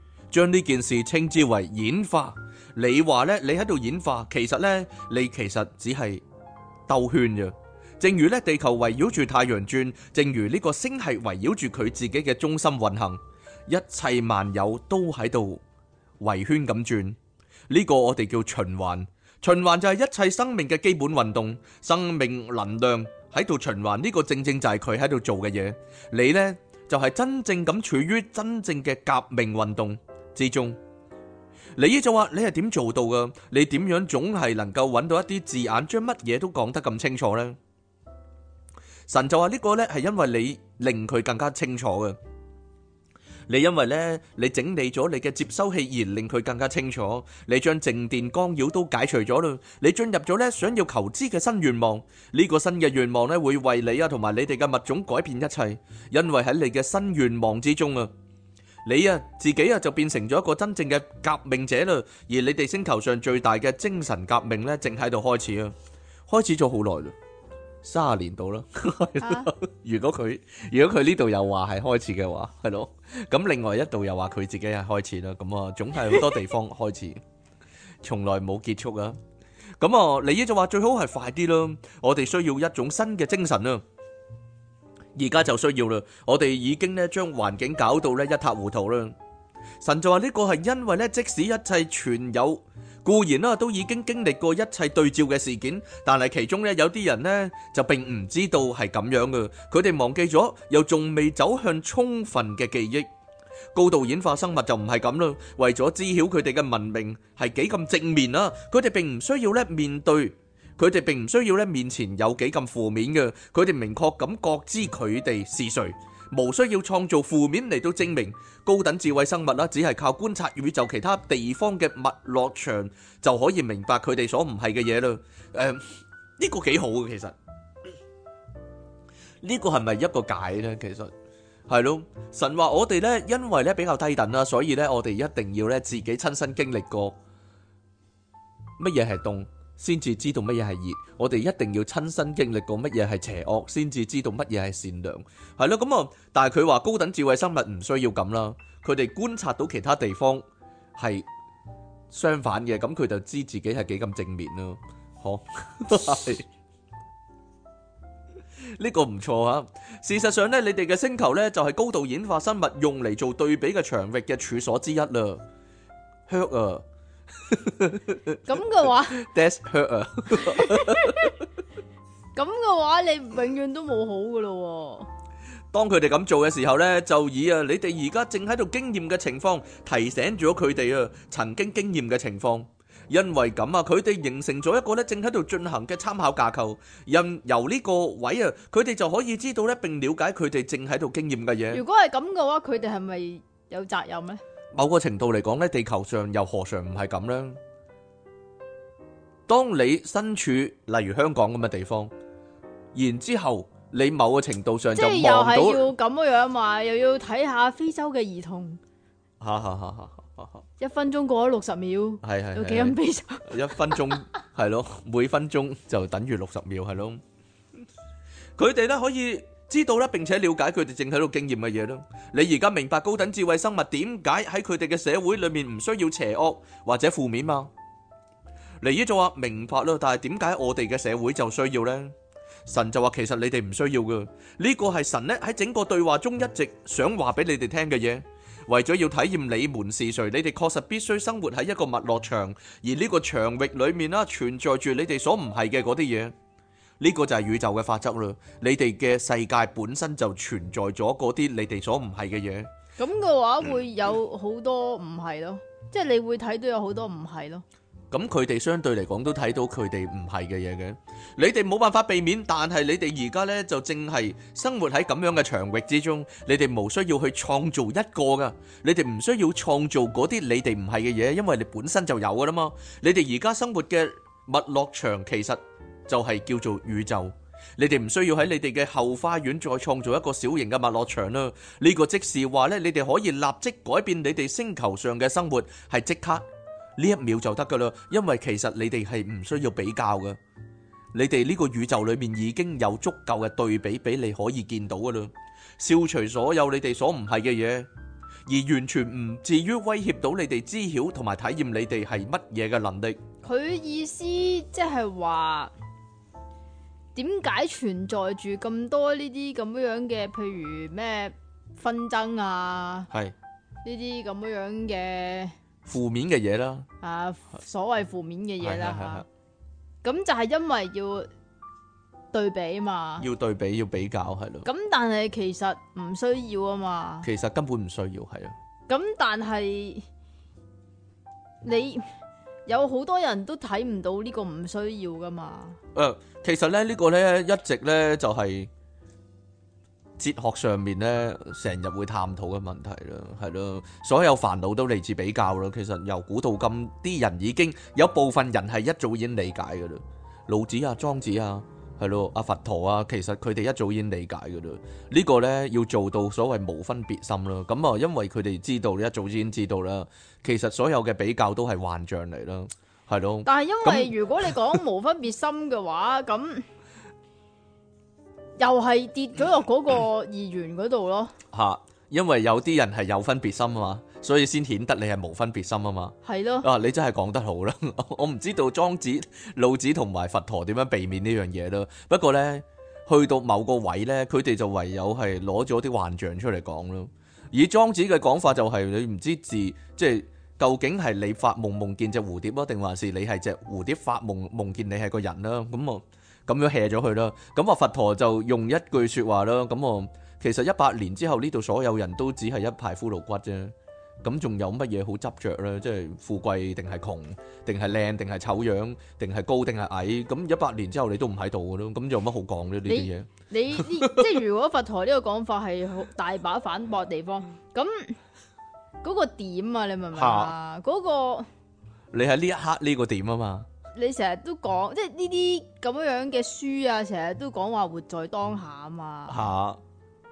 將呢件事稱之為演化，你話呢，你喺度演化，其實呢，你其實只係兜圈啫。正如呢，地球圍繞住太陽轉，正如呢個星系圍繞住佢自己嘅中心運行，一切萬有都喺度圍圈咁轉。呢個我哋叫循環，循環就係一切生命嘅基本運動，生命能量喺度循環。呢個正正就係佢喺度做嘅嘢。你呢，就係真正咁處於真正嘅革命運動之中，你呢就話：你係點做到噶？你點樣總係能夠揾到一啲字眼，將乜嘢都講得咁清楚呢？神就話呢個呢係因為你令佢更加清楚嘅，你因為呢，你整理咗你嘅接收器而令佢更加清楚，你將靜電干擾都解除咗啦，你進入咗呢想要求知嘅新願望，呢、這個新嘅願望呢會為你啊同埋你哋嘅物種改變一切，因為喺你嘅新願望之中啊。你啊，自己啊就變成咗一個真正嘅革命者啦，而你哋星球上最大嘅精神革命呢，正喺度開始啊，開始咗好耐啦，三十年度啦、啊，如果佢如果佢呢度又話係開始嘅話，係咯。咁另外一度又話佢自己係開始啦，咁啊總係好多地方開始，從 來冇結束啊。咁啊，你呢就話最好係快啲咯，我哋需要一種新嘅精神啊。而家就需要啦，我哋已經咧將環境搞到咧一塌糊塗啦。神就話呢個係因為咧，即使一切全有固然啦，都已經經歷過一切對照嘅事件，但係其中咧有啲人呢就並唔知道係咁樣嘅，佢哋忘記咗又仲未走向充分嘅記憶。高度演化生物就唔係咁啦，為咗知曉佢哋嘅文明係幾咁正面啦，佢哋並唔需要咧面對。佢哋並唔需要咧面前有幾咁負面嘅。佢哋明確咁覺知佢哋是誰，無需要創造負面嚟到證明高等智慧生物啦，只係靠觀察宇宙其他地方嘅物落場就可以明白佢哋所唔係嘅嘢啦。誒、呃，呢、這個幾好嘅其實，呢、這個係咪一個解呢？其實係咯，神話我哋呢，因為咧比較低等啦，所以呢，我哋一定要咧自己親身經歷過乜嘢係凍，先至知道乜嘢係熱，我哋一定要親身經歷過乜嘢係邪惡，先至知道乜嘢係善良。係咯咁啊！但係佢話高等智慧生物唔需要咁啦，佢哋觀察到其他地方係相反嘅，咁佢就知自己係幾咁正面咯，嗬？ 呢、呢個唔錯啊。事實上呢，你哋嘅星球呢，就係高度演化生物用嚟做對比嘅長域嘅處所之一啦，吓啊！咁嘅話，That's hurt 啊！
咁嘅話，你永遠都冇好嘅咯。
當佢哋咁做嘅時候咧，就以啊，你哋而家正喺度經驗嘅情況提醒咗佢哋啊，曾經經驗嘅情況。因為咁啊，佢哋形成咗一個咧正喺度進行嘅參考架構。因由呢個位啊，佢哋就可以知道咧，並了解佢哋正喺度經驗嘅嘢。如
果係咁嘅話，佢哋係咪有責任咧？
某個程度嚟講咧，地球上又何嘗唔係咁咧？當你身處例如香港咁嘅地方，然之後你某個程度上就望唔到。即係又係要
咁樣嘛？又要睇下非洲嘅兒童、啊啊啊啊。一分鐘過咗六十秒，係
係幾多非洲？一分鐘係 咯，每分鐘就等於六十秒係咯。佢哋咧可以。知道啦，並且了解佢哋正喺度經驗嘅嘢啦。你而家明白高等智慧生物點解喺佢哋嘅社會裏面唔需要邪惡或者負面嘛？嚟耶就話明白啦，但係點解我哋嘅社會就需要呢？神就話其實你哋唔需要噶，呢、這個係神咧喺整個對話中一直想話俾你哋聽嘅嘢，為咗要體驗你們是誰，你哋確實必須生活喺一個脈絡場，而呢個場域裏面啦存在住你哋所唔係嘅嗰啲嘢。呢個就係宇宙嘅法則咯，你哋嘅世界本身就存在咗嗰啲你哋所唔係嘅嘢。
咁嘅話會有好多唔係咯，即係你會睇到有好多唔係咯。
咁佢哋相對嚟講都睇到佢哋唔係嘅嘢嘅，你哋冇辦法避免，但係你哋而家呢就淨係生活喺咁樣嘅場域之中，你哋冇需要去創造一個噶，你哋唔需要創造嗰啲你哋唔係嘅嘢，因為你本身就有噶啦嘛。你哋而家生活嘅物樂場其實。就係、是、叫做宇宙，你哋唔需要喺你哋嘅後花園再創造一個小型嘅物樂場啦。呢、這個即是話呢，你哋可以立即改變你哋星球上嘅生活，係即刻呢一秒就得噶啦。因為其實你哋係唔需要比較噶，你哋呢個宇宙裏面已經有足夠嘅對比俾你可以見到噶啦，消除所有你哋所唔係嘅嘢，而完全唔至於威脅到你哋知曉同埋體驗你哋係乜嘢嘅能力。
佢意思即係話。點解存在住咁多呢啲咁樣嘅，譬如咩紛爭啊，係，呢啲咁樣嘅
負面嘅嘢啦，
啊，所謂負面嘅嘢啦，咁就係因為要對比啊嘛，
要對比要比較係咯，
咁但係其實唔需要啊嘛，
其實根本唔需要係啊，
咁但係你。有好多人都睇唔到呢個唔需要噶嘛？
誒、呃，其實咧呢、這個咧一直咧就係、是、哲學上面咧成日會探討嘅問題啦，係咯，所有煩惱都嚟自比較咯。其實由古到今，啲人已經有部分人係一早已經理解噶啦，老子啊，莊子啊。係咯，阿佛陀啊，其實佢哋一早已經理解噶啦，呢個呢，要做到所謂無分別心咯。咁啊，因為佢哋知道，一早已經知道啦，其實所有嘅比較都係幻象嚟啦，係咯。但係因為如
果你講無分別心嘅話，咁又係跌咗落嗰個二元嗰度咯。
吓，因為有啲人係有分別心啊嘛。所以先顯得你係無分別心啊嘛，係咯啊，你真係講得好啦。我唔知道莊子、老子同埋佛陀點樣避免呢樣嘢咯。不過呢，去到某個位呢，佢哋就唯有係攞咗啲幻象出嚟講咯。以莊子嘅講法就係：你唔知字，即係究竟係你發夢夢見隻蝴蝶啊，定還是你係隻蝴蝶發夢夢見你係個人啦？咁咪，咁樣卸咗佢啦。咁話佛陀就用一句說話啦。咁我其實一百年之後呢度所有人都只係一派骷髏骨啫。咁仲有乜嘢好執着咧？即係富貴定係窮，定係靚定係醜樣，定係高定係矮？咁一百年之後你都唔喺度嘅咯，咁有乜好講呢？呢啲嘢，
你即係如果佛台呢個講法係好大把反駁地方，咁嗰、嗰個點啊？你明唔明哈、嗰個、啊？嗰個
你喺呢一刻呢個點啊？嘛，
你成日都講即係呢啲咁樣樣嘅書啊，成日都講話活在當下啊嘛。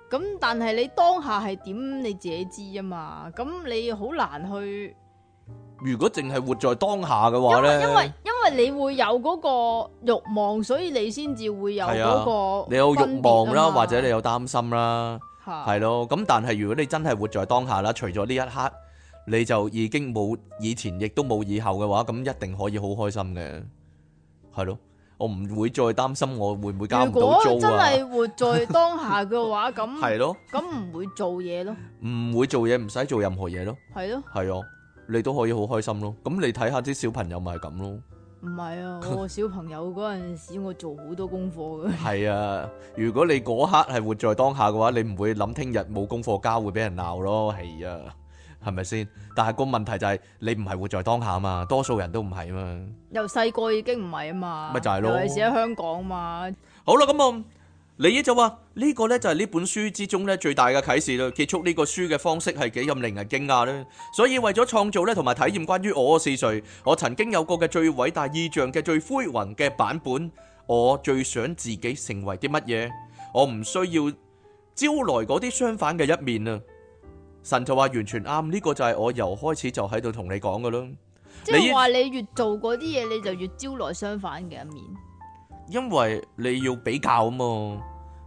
咁但係你當下係點你自己知啊嘛，咁你好難去。
如果淨係活在當下嘅話咧，因為
因為你會有嗰個慾望，所以你先至會有嗰個、啊、你有慾望啦，或者你
有擔心啦，係、啊、咯。咁但係如果你真係活在當下啦，除咗呢一刻，你就已經冇以前，亦都冇以後嘅話，咁一定可以好開心嘅，係咯。我唔會再擔心我會唔會交唔到租啊！如果真係
活在當下嘅話，咁係咯，咁唔會做嘢咯，
唔會做嘢，唔使做任何嘢咯，係咯，係哦，你都可以好開心咯。咁你睇下啲小朋友咪係咁咯。
唔係啊，我小朋友嗰陣時我做好多功課嘅。
係啊，如果你嗰刻係活在當下嘅話，你唔會諗聽日冇功課交會俾人鬧咯。係啊。係咪先？但係個問題就係、是、你唔係活在當下嘛，多數人都唔係嘛。
由細個已經唔係啊嘛，咪就係咯，尤其是喺香港嘛。
好啦，咁我李姨就話呢、呢個呢就係呢本書之中最大嘅啟示啦。結束呢個書嘅方式係幾咁令人驚訝呢。所以為咗創造呢，同埋體驗關於我是誰我曾經有過嘅最偉大意象嘅最灰云嘅版本，我最想自己成為啲乜嘢？我唔需要招來嗰啲相反嘅一面啊！神就話，完全啱。呢個就係我由開始就喺度同你講嘅咯。即係話
你越做嗰啲嘢，你就越招來相反嘅一面。
因為你要比較啊嘛，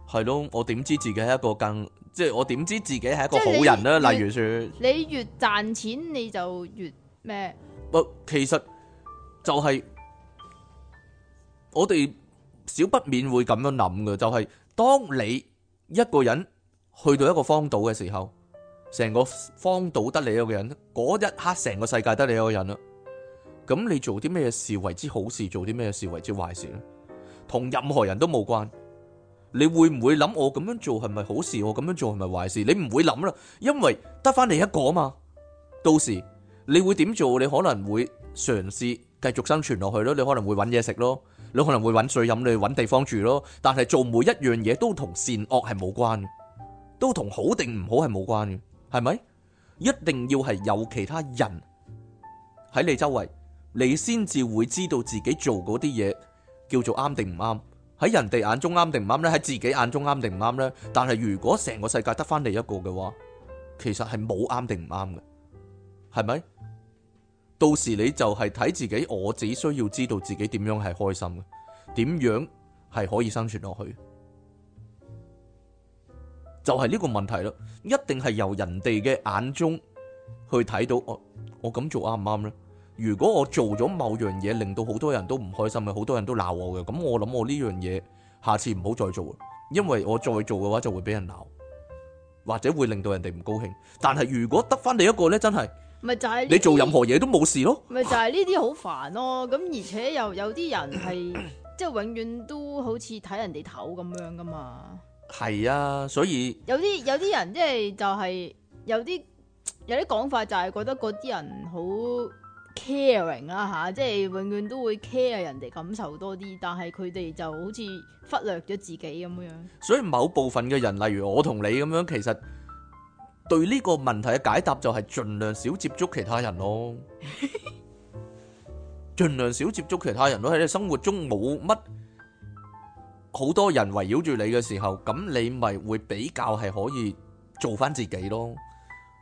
係咯，我點知自己係一個更即係我點知自己係一個好人呢？例如說，
你越賺錢你就越咩？
其實就係我哋少不免會咁樣諗嘅，就係當你一個人去到一個荒島嘅時候。成個荒島得你一個人，嗰一刻成個世界得你一個人啦。咁你做啲咩事為之好事，做啲咩事為之壞事咧？同任何人都冇關。你會唔會諗我咁樣做係咪好事？我咁樣做係咪壞事？你唔會諗啦，因為得翻你一個啊嘛。到時你會點做？你可能會嘗試繼續生存落去咯，你可能會搵嘢食咯，你可能會搵水飲，你搵地方住咯。但係做每一樣嘢都同善惡係冇關，都同好定唔好係冇關嘅。係咪？一定要係有其他人喺你周圍，你先至會知道自己做嗰啲嘢叫做啱定唔啱，喺人哋眼中啱定唔啱呢？喺自己眼中啱定唔啱呢？但係如果成個世界得翻你一個嘅話，其實係冇啱定唔啱嘅，係咪？到時你就係睇自己，我只需要知道自己點樣係開心嘅，點樣係可以生存落去。就係呢個問題啦，一定係由人哋嘅眼中去睇到我，我咁做啱唔啱呢？如果我做咗某樣嘢，令到好多人都唔開心嘅，好多人都鬧我嘅，咁我諗我呢樣嘢，下次唔好再做，因為我再做嘅話就會俾人鬧，或者會令到人哋唔高興。但係如果得翻你一個呢，真係
咪就係你做
任何嘢都冇事咯？
咪就係呢啲好煩咯，咁而且又有啲人係即係永遠都好似睇人哋頭咁樣噶嘛。
係啊，所以
有啲有啲人即係就係有啲有啲講法就係覺得嗰啲人好 caring 啊吓，即係永遠都會 care 人哋感受多啲，但係佢哋就好似忽略咗自己咁樣。
所以某部分嘅人，例如我同你咁樣，其實對呢個問題嘅解答就係盡量少接觸其他人咯，盡量少接觸其他人咯，喺你生活中冇乜。好多人圍繞住你嘅時候，咁你咪會比較係可以做翻自己咯。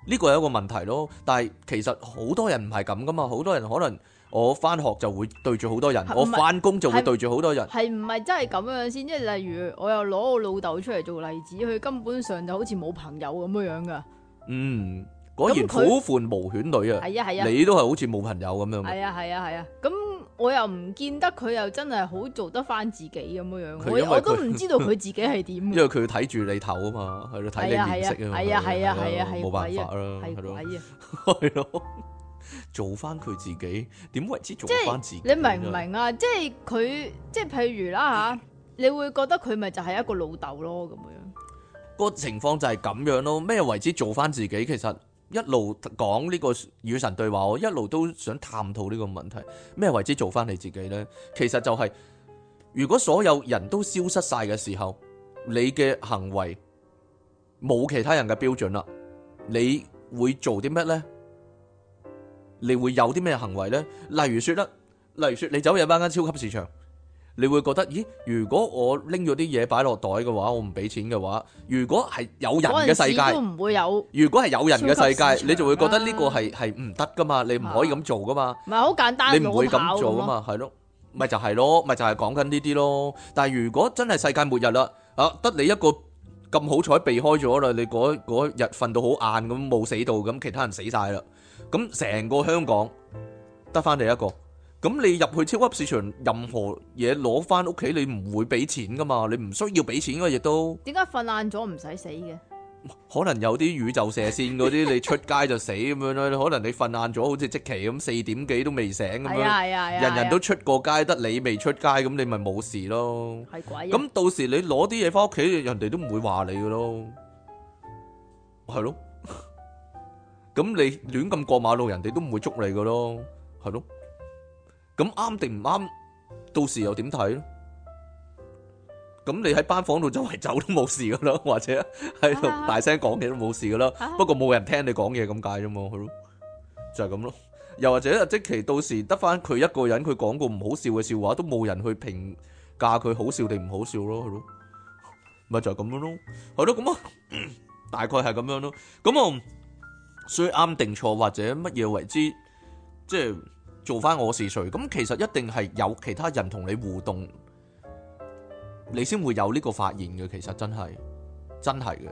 呢個係一個問題咯，但係其實好多人唔係咁噶嘛。好多人可能我翻學就會對住好多人，是是我翻工就會對住好多人。
係唔係真係咁樣先？即係例如，我又攞我老豆出嚟做例子，佢根本上就好似冇朋友咁樣樣
噶。嗯。果然好款無犬女啊，係啊係啊，你都係好似冇朋友咁樣，係啊係啊
係啊。係啊係啊係啊，咁我又唔見得佢又真係好做得翻自己咁樣樣。我都唔知道佢自己係點。因
為佢睇住你頭啊嘛，係咯睇你面色啊，係啊係啊係啊係冇辦法啦，係咯。做翻佢自己點為之做翻自己？自己啊、你明唔明
啊？即係佢即係譬如啦吓、啊，你會覺得佢咪就係一個老豆咯咁樣。
個情況就係咁樣咯，咩為之做翻自己？其實。一路講呢個與神對話，我一路都想探討呢個問題，咩為之做翻你自己呢？其實就係，如果所有人都消失晒嘅時候，你嘅行為冇其他人嘅標準啦，你會做啲咩呢？你會有啲咩行為呢？例如說啦，例如說你走入翻間超級市場。你會覺得，咦？如果我拎咗啲嘢擺落袋嘅話，我唔俾錢嘅話，如果係有人嘅世界，都
唔會有。如
果係有人嘅世界，你就會覺得呢個係係唔得噶嘛，你唔可以咁做噶嘛。
唔係好簡單，你唔會咁做噶嘛，
係咯？咪就係咯，咪就係講緊呢啲咯。但係如果真係世界末日啦，啊，得你一個咁好彩避開咗啦，你嗰嗰日瞓到好晏咁冇死到，咁其他人死晒啦，咁成個香港得返你一個。咁你入去超級市場，任何嘢攞翻屋企，你唔會俾錢噶嘛？你唔需要俾錢噶，亦都。
點解瞓晏咗唔使死嘅？
可能有啲宇宙射線嗰啲，你出街就死咁樣咯。可能你瞓晏咗，好似即期咁，四點幾都未醒咁樣，人人都出過街得，你未出街咁，你咪冇事咯。係
鬼。咁到
時你攞啲嘢翻屋企，人哋都唔會話你噶咯。係咯。咁你亂咁過馬路，人哋都唔會捉你噶咯。係咯。咁啱定唔啱，到時又點睇咧？咁你喺班房度周圍走都冇事噶啦，或者喺度大聲講嘢都冇事噶啦。不過冇人聽你講嘢咁解啫嘛，係咯？就係咁咯。又或者即期到時得翻佢一個人，佢講個唔好笑嘅笑話，都冇人去評價佢好笑定唔好笑咯，係咯？咪就係咁樣咯，係咯？咁啊，大概係咁樣咯。咁啊，所以啱定錯或者乜嘢為之，即係。做翻我是誰？咁其實一定係有其他人同你互動，你先會有呢個發現嘅。其實真係，真係嘅。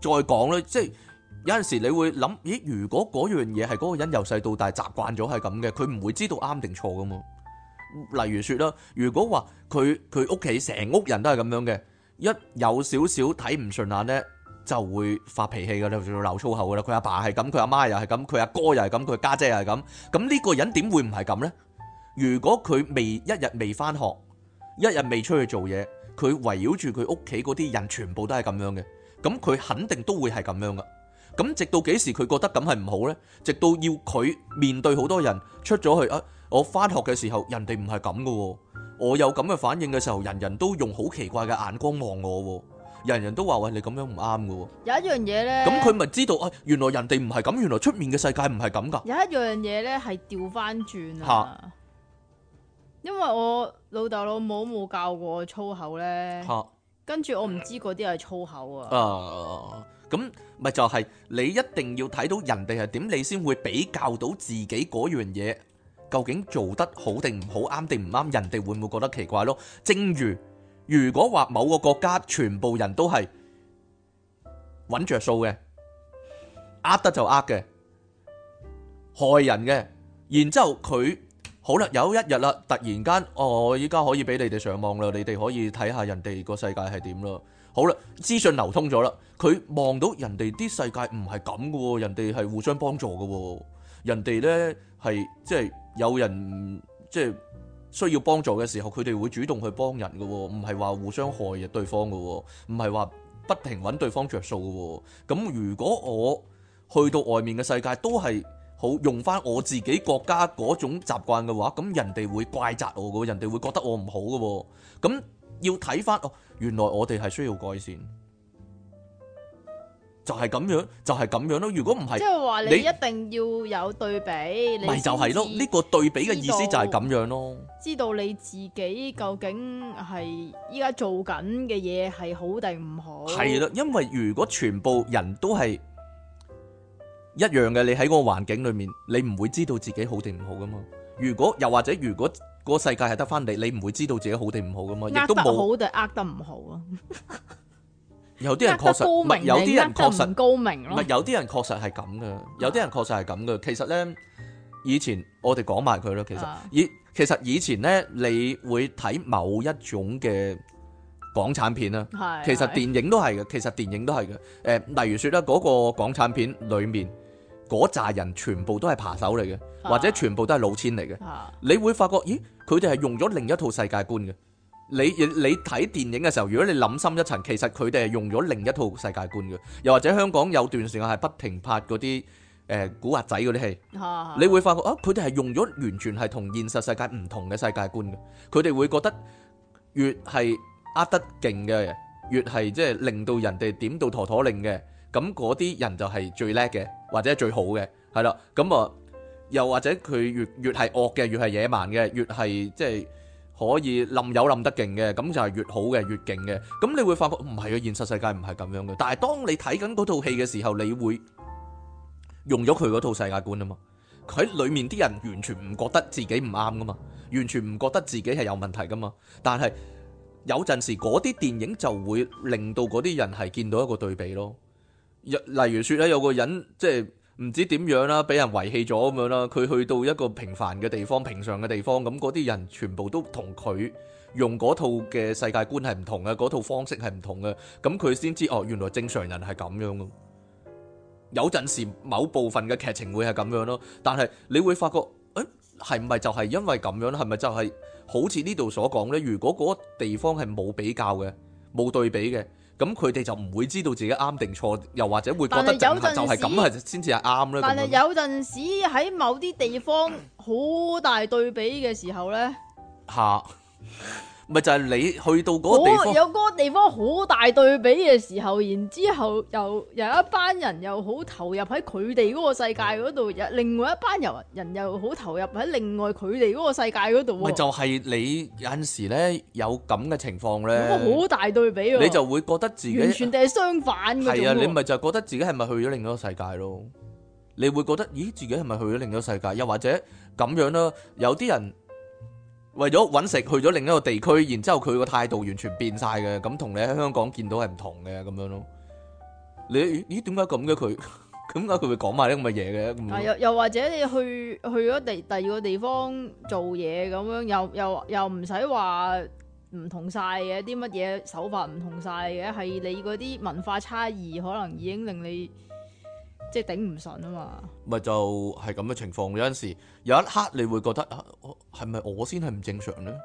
再講呢，即係有陣時你會諗，咦？如果嗰樣嘢係嗰個人由細到大習慣咗係咁嘅，佢唔會知道啱定錯噶嘛。例如說啦，如果話佢佢屋企成屋人都係咁樣嘅，一有少少睇唔順眼呢，就會發脾氣噶啦，就要鬧粗口噶啦。佢阿爸係咁，佢阿媽又係咁，佢阿哥又係咁，佢家姐又係咁。咁呢個人點會唔係咁呢？如果佢未一日未翻學，一日未出去做嘢，佢圍繞住佢屋企嗰啲人全部都係咁樣嘅，咁佢肯定都會係咁樣噶。咁直到幾時佢覺得咁係唔好呢？直到要佢面對好多人出咗去啊！我翻學嘅時候，人哋唔係咁噶喎，我有咁嘅反應嘅時候，人人都用好奇怪嘅眼光望我。人人都話喂，你咁樣唔啱嘅喎，有
一樣嘢咧，咁佢咪知道啊？
原來人哋唔係咁，原來出面嘅世界唔係咁噶。有一
樣嘢咧係調翻轉啦，因為我老豆老母冇教過我粗口咧，跟住我唔知嗰啲係粗口啊。
啊，咁咪就係你一定要睇到人哋係點，你先會比較到自己嗰樣嘢究竟做得好定唔好啱，定唔啱，人哋會唔會覺得奇怪咯？正如。如果話某個國家全部人都係揾着數嘅，呃得就呃嘅，害人嘅，然之後佢好啦，有一日啦，突然間，哦，依家可以俾你哋上網啦，你哋可以睇下人哋個世界係點啦。好啦，資訊流通咗啦，佢望到人哋啲世界唔係咁噶，人哋係互相幫助噶，人哋咧係即係有人即係。就是需要幫助嘅時候，佢哋會主動去幫人嘅喎，唔係話互相害嘅對方嘅喎，唔係話不停揾對方着數嘅喎。咁如果我去到外面嘅世界，都係好用翻我自己國家嗰種習慣嘅話，咁人哋會怪責我嘅喎，人哋會覺得我唔好嘅喎。咁要睇翻，原來我哋係需要改善。就係咁樣，就係咁樣咯。如果唔係，即係話你一
定要有對比。你咪就係咯，呢
個對比嘅意思就係咁樣咯。
知道你自己究竟係依家做緊嘅嘢係好定唔好。係
啦，因為如果全部人都係一樣嘅，你喺嗰個環境裏面，你唔會知道自己好定唔好噶嘛。如果又或者如果個世界係得翻你，你唔會知道自己好定唔好噶嘛。亦都冇，呃得好
定呃得唔好啊。
有啲人確實，唔係有啲人確實，唔高明。唔係有啲人確實係咁噶，有啲人確實係咁噶。其實咧，以前我哋講埋佢咯。其實以其實以前咧，你會睇某一種嘅港產片啦。係，其實電影都係嘅，其實電影都係嘅。誒、呃，例如説啦，嗰、那個港產片裡面嗰扎人全部都係扒手嚟嘅，或者全部都係老千嚟嘅。啊、你會發覺，咦，佢哋係用咗另一套世界觀嘅。你你睇電影嘅時候，如果你諗深一層，其實佢哋係用咗另一套世界觀嘅。又或者香港有段時間係不停拍嗰啲誒古惑仔嗰啲戲，你會發覺啊，佢哋係用咗完全係同現實世界唔同嘅世界觀嘅。佢哋會覺得越係呃得勁嘅，越係即係令到人哋點到妥妥令嘅，咁嗰啲人就係最叻嘅，或者最好嘅，係啦。咁啊，又或者佢越越係惡嘅，越係野蠻嘅，越係即係。可以冧友冧得勁嘅，咁就係越好嘅，越勁嘅。咁你會發覺唔係啊，現實世界唔係咁樣嘅。但係當你睇緊嗰套戲嘅時候，你會用咗佢嗰套世界觀啊嘛。佢裏面啲人完全唔覺得自己唔啱噶嘛，完全唔覺得自己係有問題噶嘛。但係有陣時嗰啲電影就會令到嗰啲人係見到一個對比咯。例如說咧，有個人即係。唔知點樣啦，俾人遺棄咗咁樣啦，佢去到一個平凡嘅地方、平常嘅地方，咁嗰啲人全部都同佢用嗰套嘅世界觀係唔同嘅，嗰套方式係唔同嘅，咁佢先知哦，原來正常人係咁樣咯。有陣時某部分嘅劇情會係咁樣咯，但係你會發覺，誒係咪就係因為咁樣咧？係咪就係、是、好似呢度所講呢？如果嗰個地方係冇比較嘅，冇對比嘅。咁佢哋就唔會知道自己啱定錯，又或者會覺得有陣時就係咁係先至係啱咧。但係
有陣時喺某啲地方好大對比嘅時候呢。
嚇。 咪就係你去到嗰個地方，哦、有
嗰個地方好大對比嘅時候，然之後又有一班人又好投入喺佢哋嗰個世界嗰度，又、嗯、另外一班人人又好投入喺另外佢哋嗰個世界嗰度。咪
就係、是、你有陣時咧有咁嘅情況咧，好、哦、大對比啊！你就會覺得自己完全
定係相反嘅，係啊！你
咪就覺得自己係咪去咗另一個世界咯？你會覺得，咦，自己係咪去咗另一個世界？又或者咁樣咯？有啲人。嗯為咗搵食去咗另一個地區，然之後佢個態度完全變晒嘅，咁同你喺香港見到係唔同嘅咁樣咯。你咦？點解咁嘅？佢點解佢會講埋啲咁嘅嘢嘅？啊！又
又或者你去去咗第第二個地方做嘢，咁樣又又又唔使話唔同晒嘅，啲乜嘢手法唔同晒嘅，係你嗰啲文化差異可能已經令你。即係頂唔順
啊嘛，咪就係咁嘅情況。有陣時有一刻你會覺得啊，係咪我先係唔正常咧？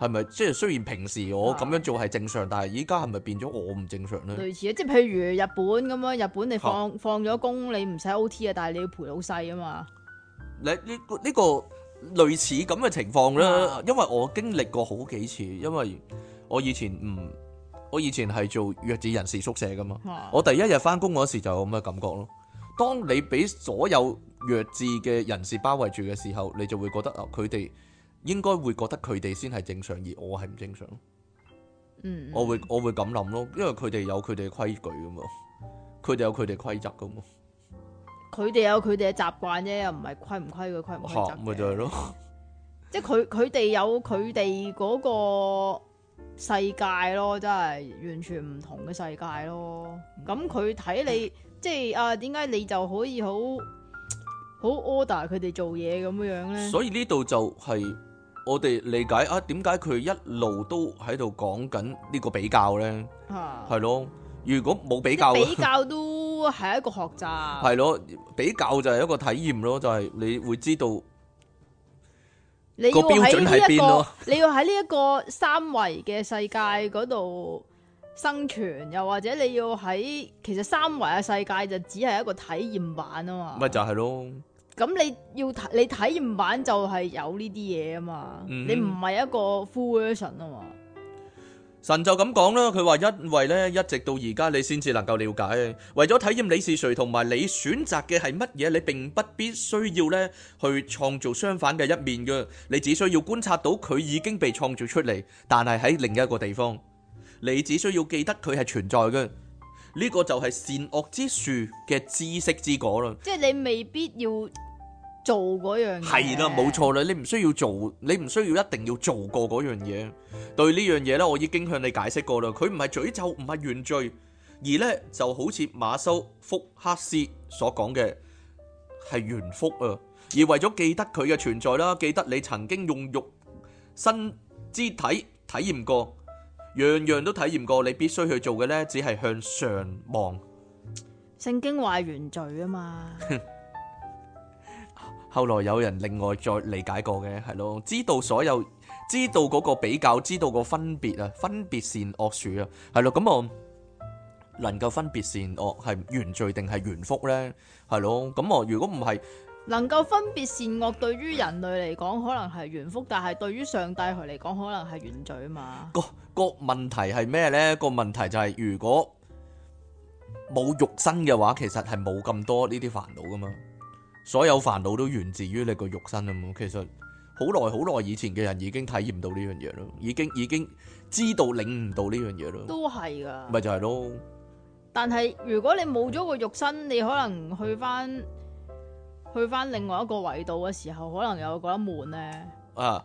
係咪即係雖然平時我咁樣做係正常，啊、但係依家係咪變咗我唔正常咧？類
似啊，即係譬如日本咁樣，日本你放放咗工，你唔使 OT 啊，但係你要陪老細啊嘛。你呢、這
個呢、這個類似咁嘅情況啦、啊，因為我經歷過好幾次，因為我以前唔，我以前係做弱智人士宿舍噶嘛、啊，我第一日翻工嗰時候就有咁嘅感覺咯。當你俾所有弱智嘅人士包圍住嘅時候，你就會覺得啊，佢哋應該會覺得佢哋先係正常，而我係唔正常。嗯，我會我會咁諗咯，因為佢哋有佢哋嘅規矩噶嘛，佢哋有佢哋規則噶嘛，
佢哋有佢哋嘅習慣啫，又唔係規唔規矩、規唔規則嘅。
咪就係咯，
即係佢佢哋有佢哋嗰個世界咯，真係完全唔同嘅世界咯。咁佢睇你。嗯即係啊，點解你就可以好好 order 佢哋做嘢咁樣樣咧？所
以呢度就係我哋理解啊，點解佢一路都喺度講緊呢個比較咧？係、啊、咯，如果冇比較，比
較都係一個學習。
係 咯，比較就係一個體驗咯，就係、是、你會知道你
要喺呢一你個標準喺邊咯，你要喺呢一個三維嘅世界嗰度。生存又或者你要喺其實三維嘅世界就只係一個體驗版啊嘛，咪
就係、是、咯。
咁你要睇你體驗版就係有呢啲嘢啊嘛，嗯、你唔係一個 full version 啊嘛。
神就咁講啦，佢話因為呢，一直到而家你先至能夠了解，為咗體驗你是誰同埋你選擇嘅係乜嘢，你並不必需要呢去創造相反嘅一面嘅，你只需要觀察到佢已經被創造出嚟，但係喺另一個地方。你只需要記得佢係存在嘅，呢個就係善惡之樹嘅知識之果啦。
即係你未必要做嗰樣嘢。係啦，冇錯
啦，你唔需要做，你唔需要一定要做過嗰樣嘢。對呢樣嘢咧，我已經向你解釋過啦。佢唔係詛咒，唔係原罪，而呢就好似馬修福克斯所講嘅，係原福啊。而為咗記得佢嘅存在啦，記得你曾經用肉身之體體驗過。樣樣都體驗過，你必須去做嘅，呢，只係向上望。
聖經話原罪啊嘛，
後來有人另外再理解過嘅係咯，知道所有知道，嗰個比較，知道個分別啊，分別善惡樹啊，係咯咁我，能夠分別善惡係原罪定係原福呢？係咯咁我，如果唔係
能夠分別善惡，對於人類嚟講可能係原福，但係對於上帝佢嚟講可能係原罪啊嘛。
個問題係咩呢？個問題就係如果冇肉身嘅話，其實係冇咁多呢啲煩惱噶嘛。所有煩惱都源自於你個肉身啊嘛。其實好耐好耐以前嘅人已經體驗到呢樣嘢咯，已經已經知道領悟到呢樣嘢咯。都
係㗎。咪就係咯。但係如果你冇咗個肉身，你可能去翻去翻另外一個維度嘅時候，可能又覺得悶呢。啊！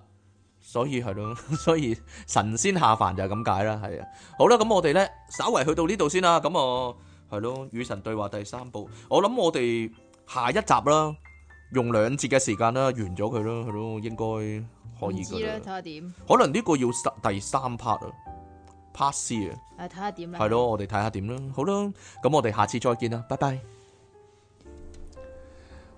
所以係咯，所以神仙下凡就係咁解啦，係啊。好啦，咁我哋咧稍為去到呢度先啦。咁我係咯，與神對話第三部，我諗我哋下一集啦，用兩節嘅時間啦，完咗佢咯，係咯，應該可以嘅。試啦，睇
下點。
可能呢個要三第三 part 啊，part 四 C 啊。
睇下點啦。
係咯，我哋睇下點啦。好啦，咁我哋下次再見啦，拜拜。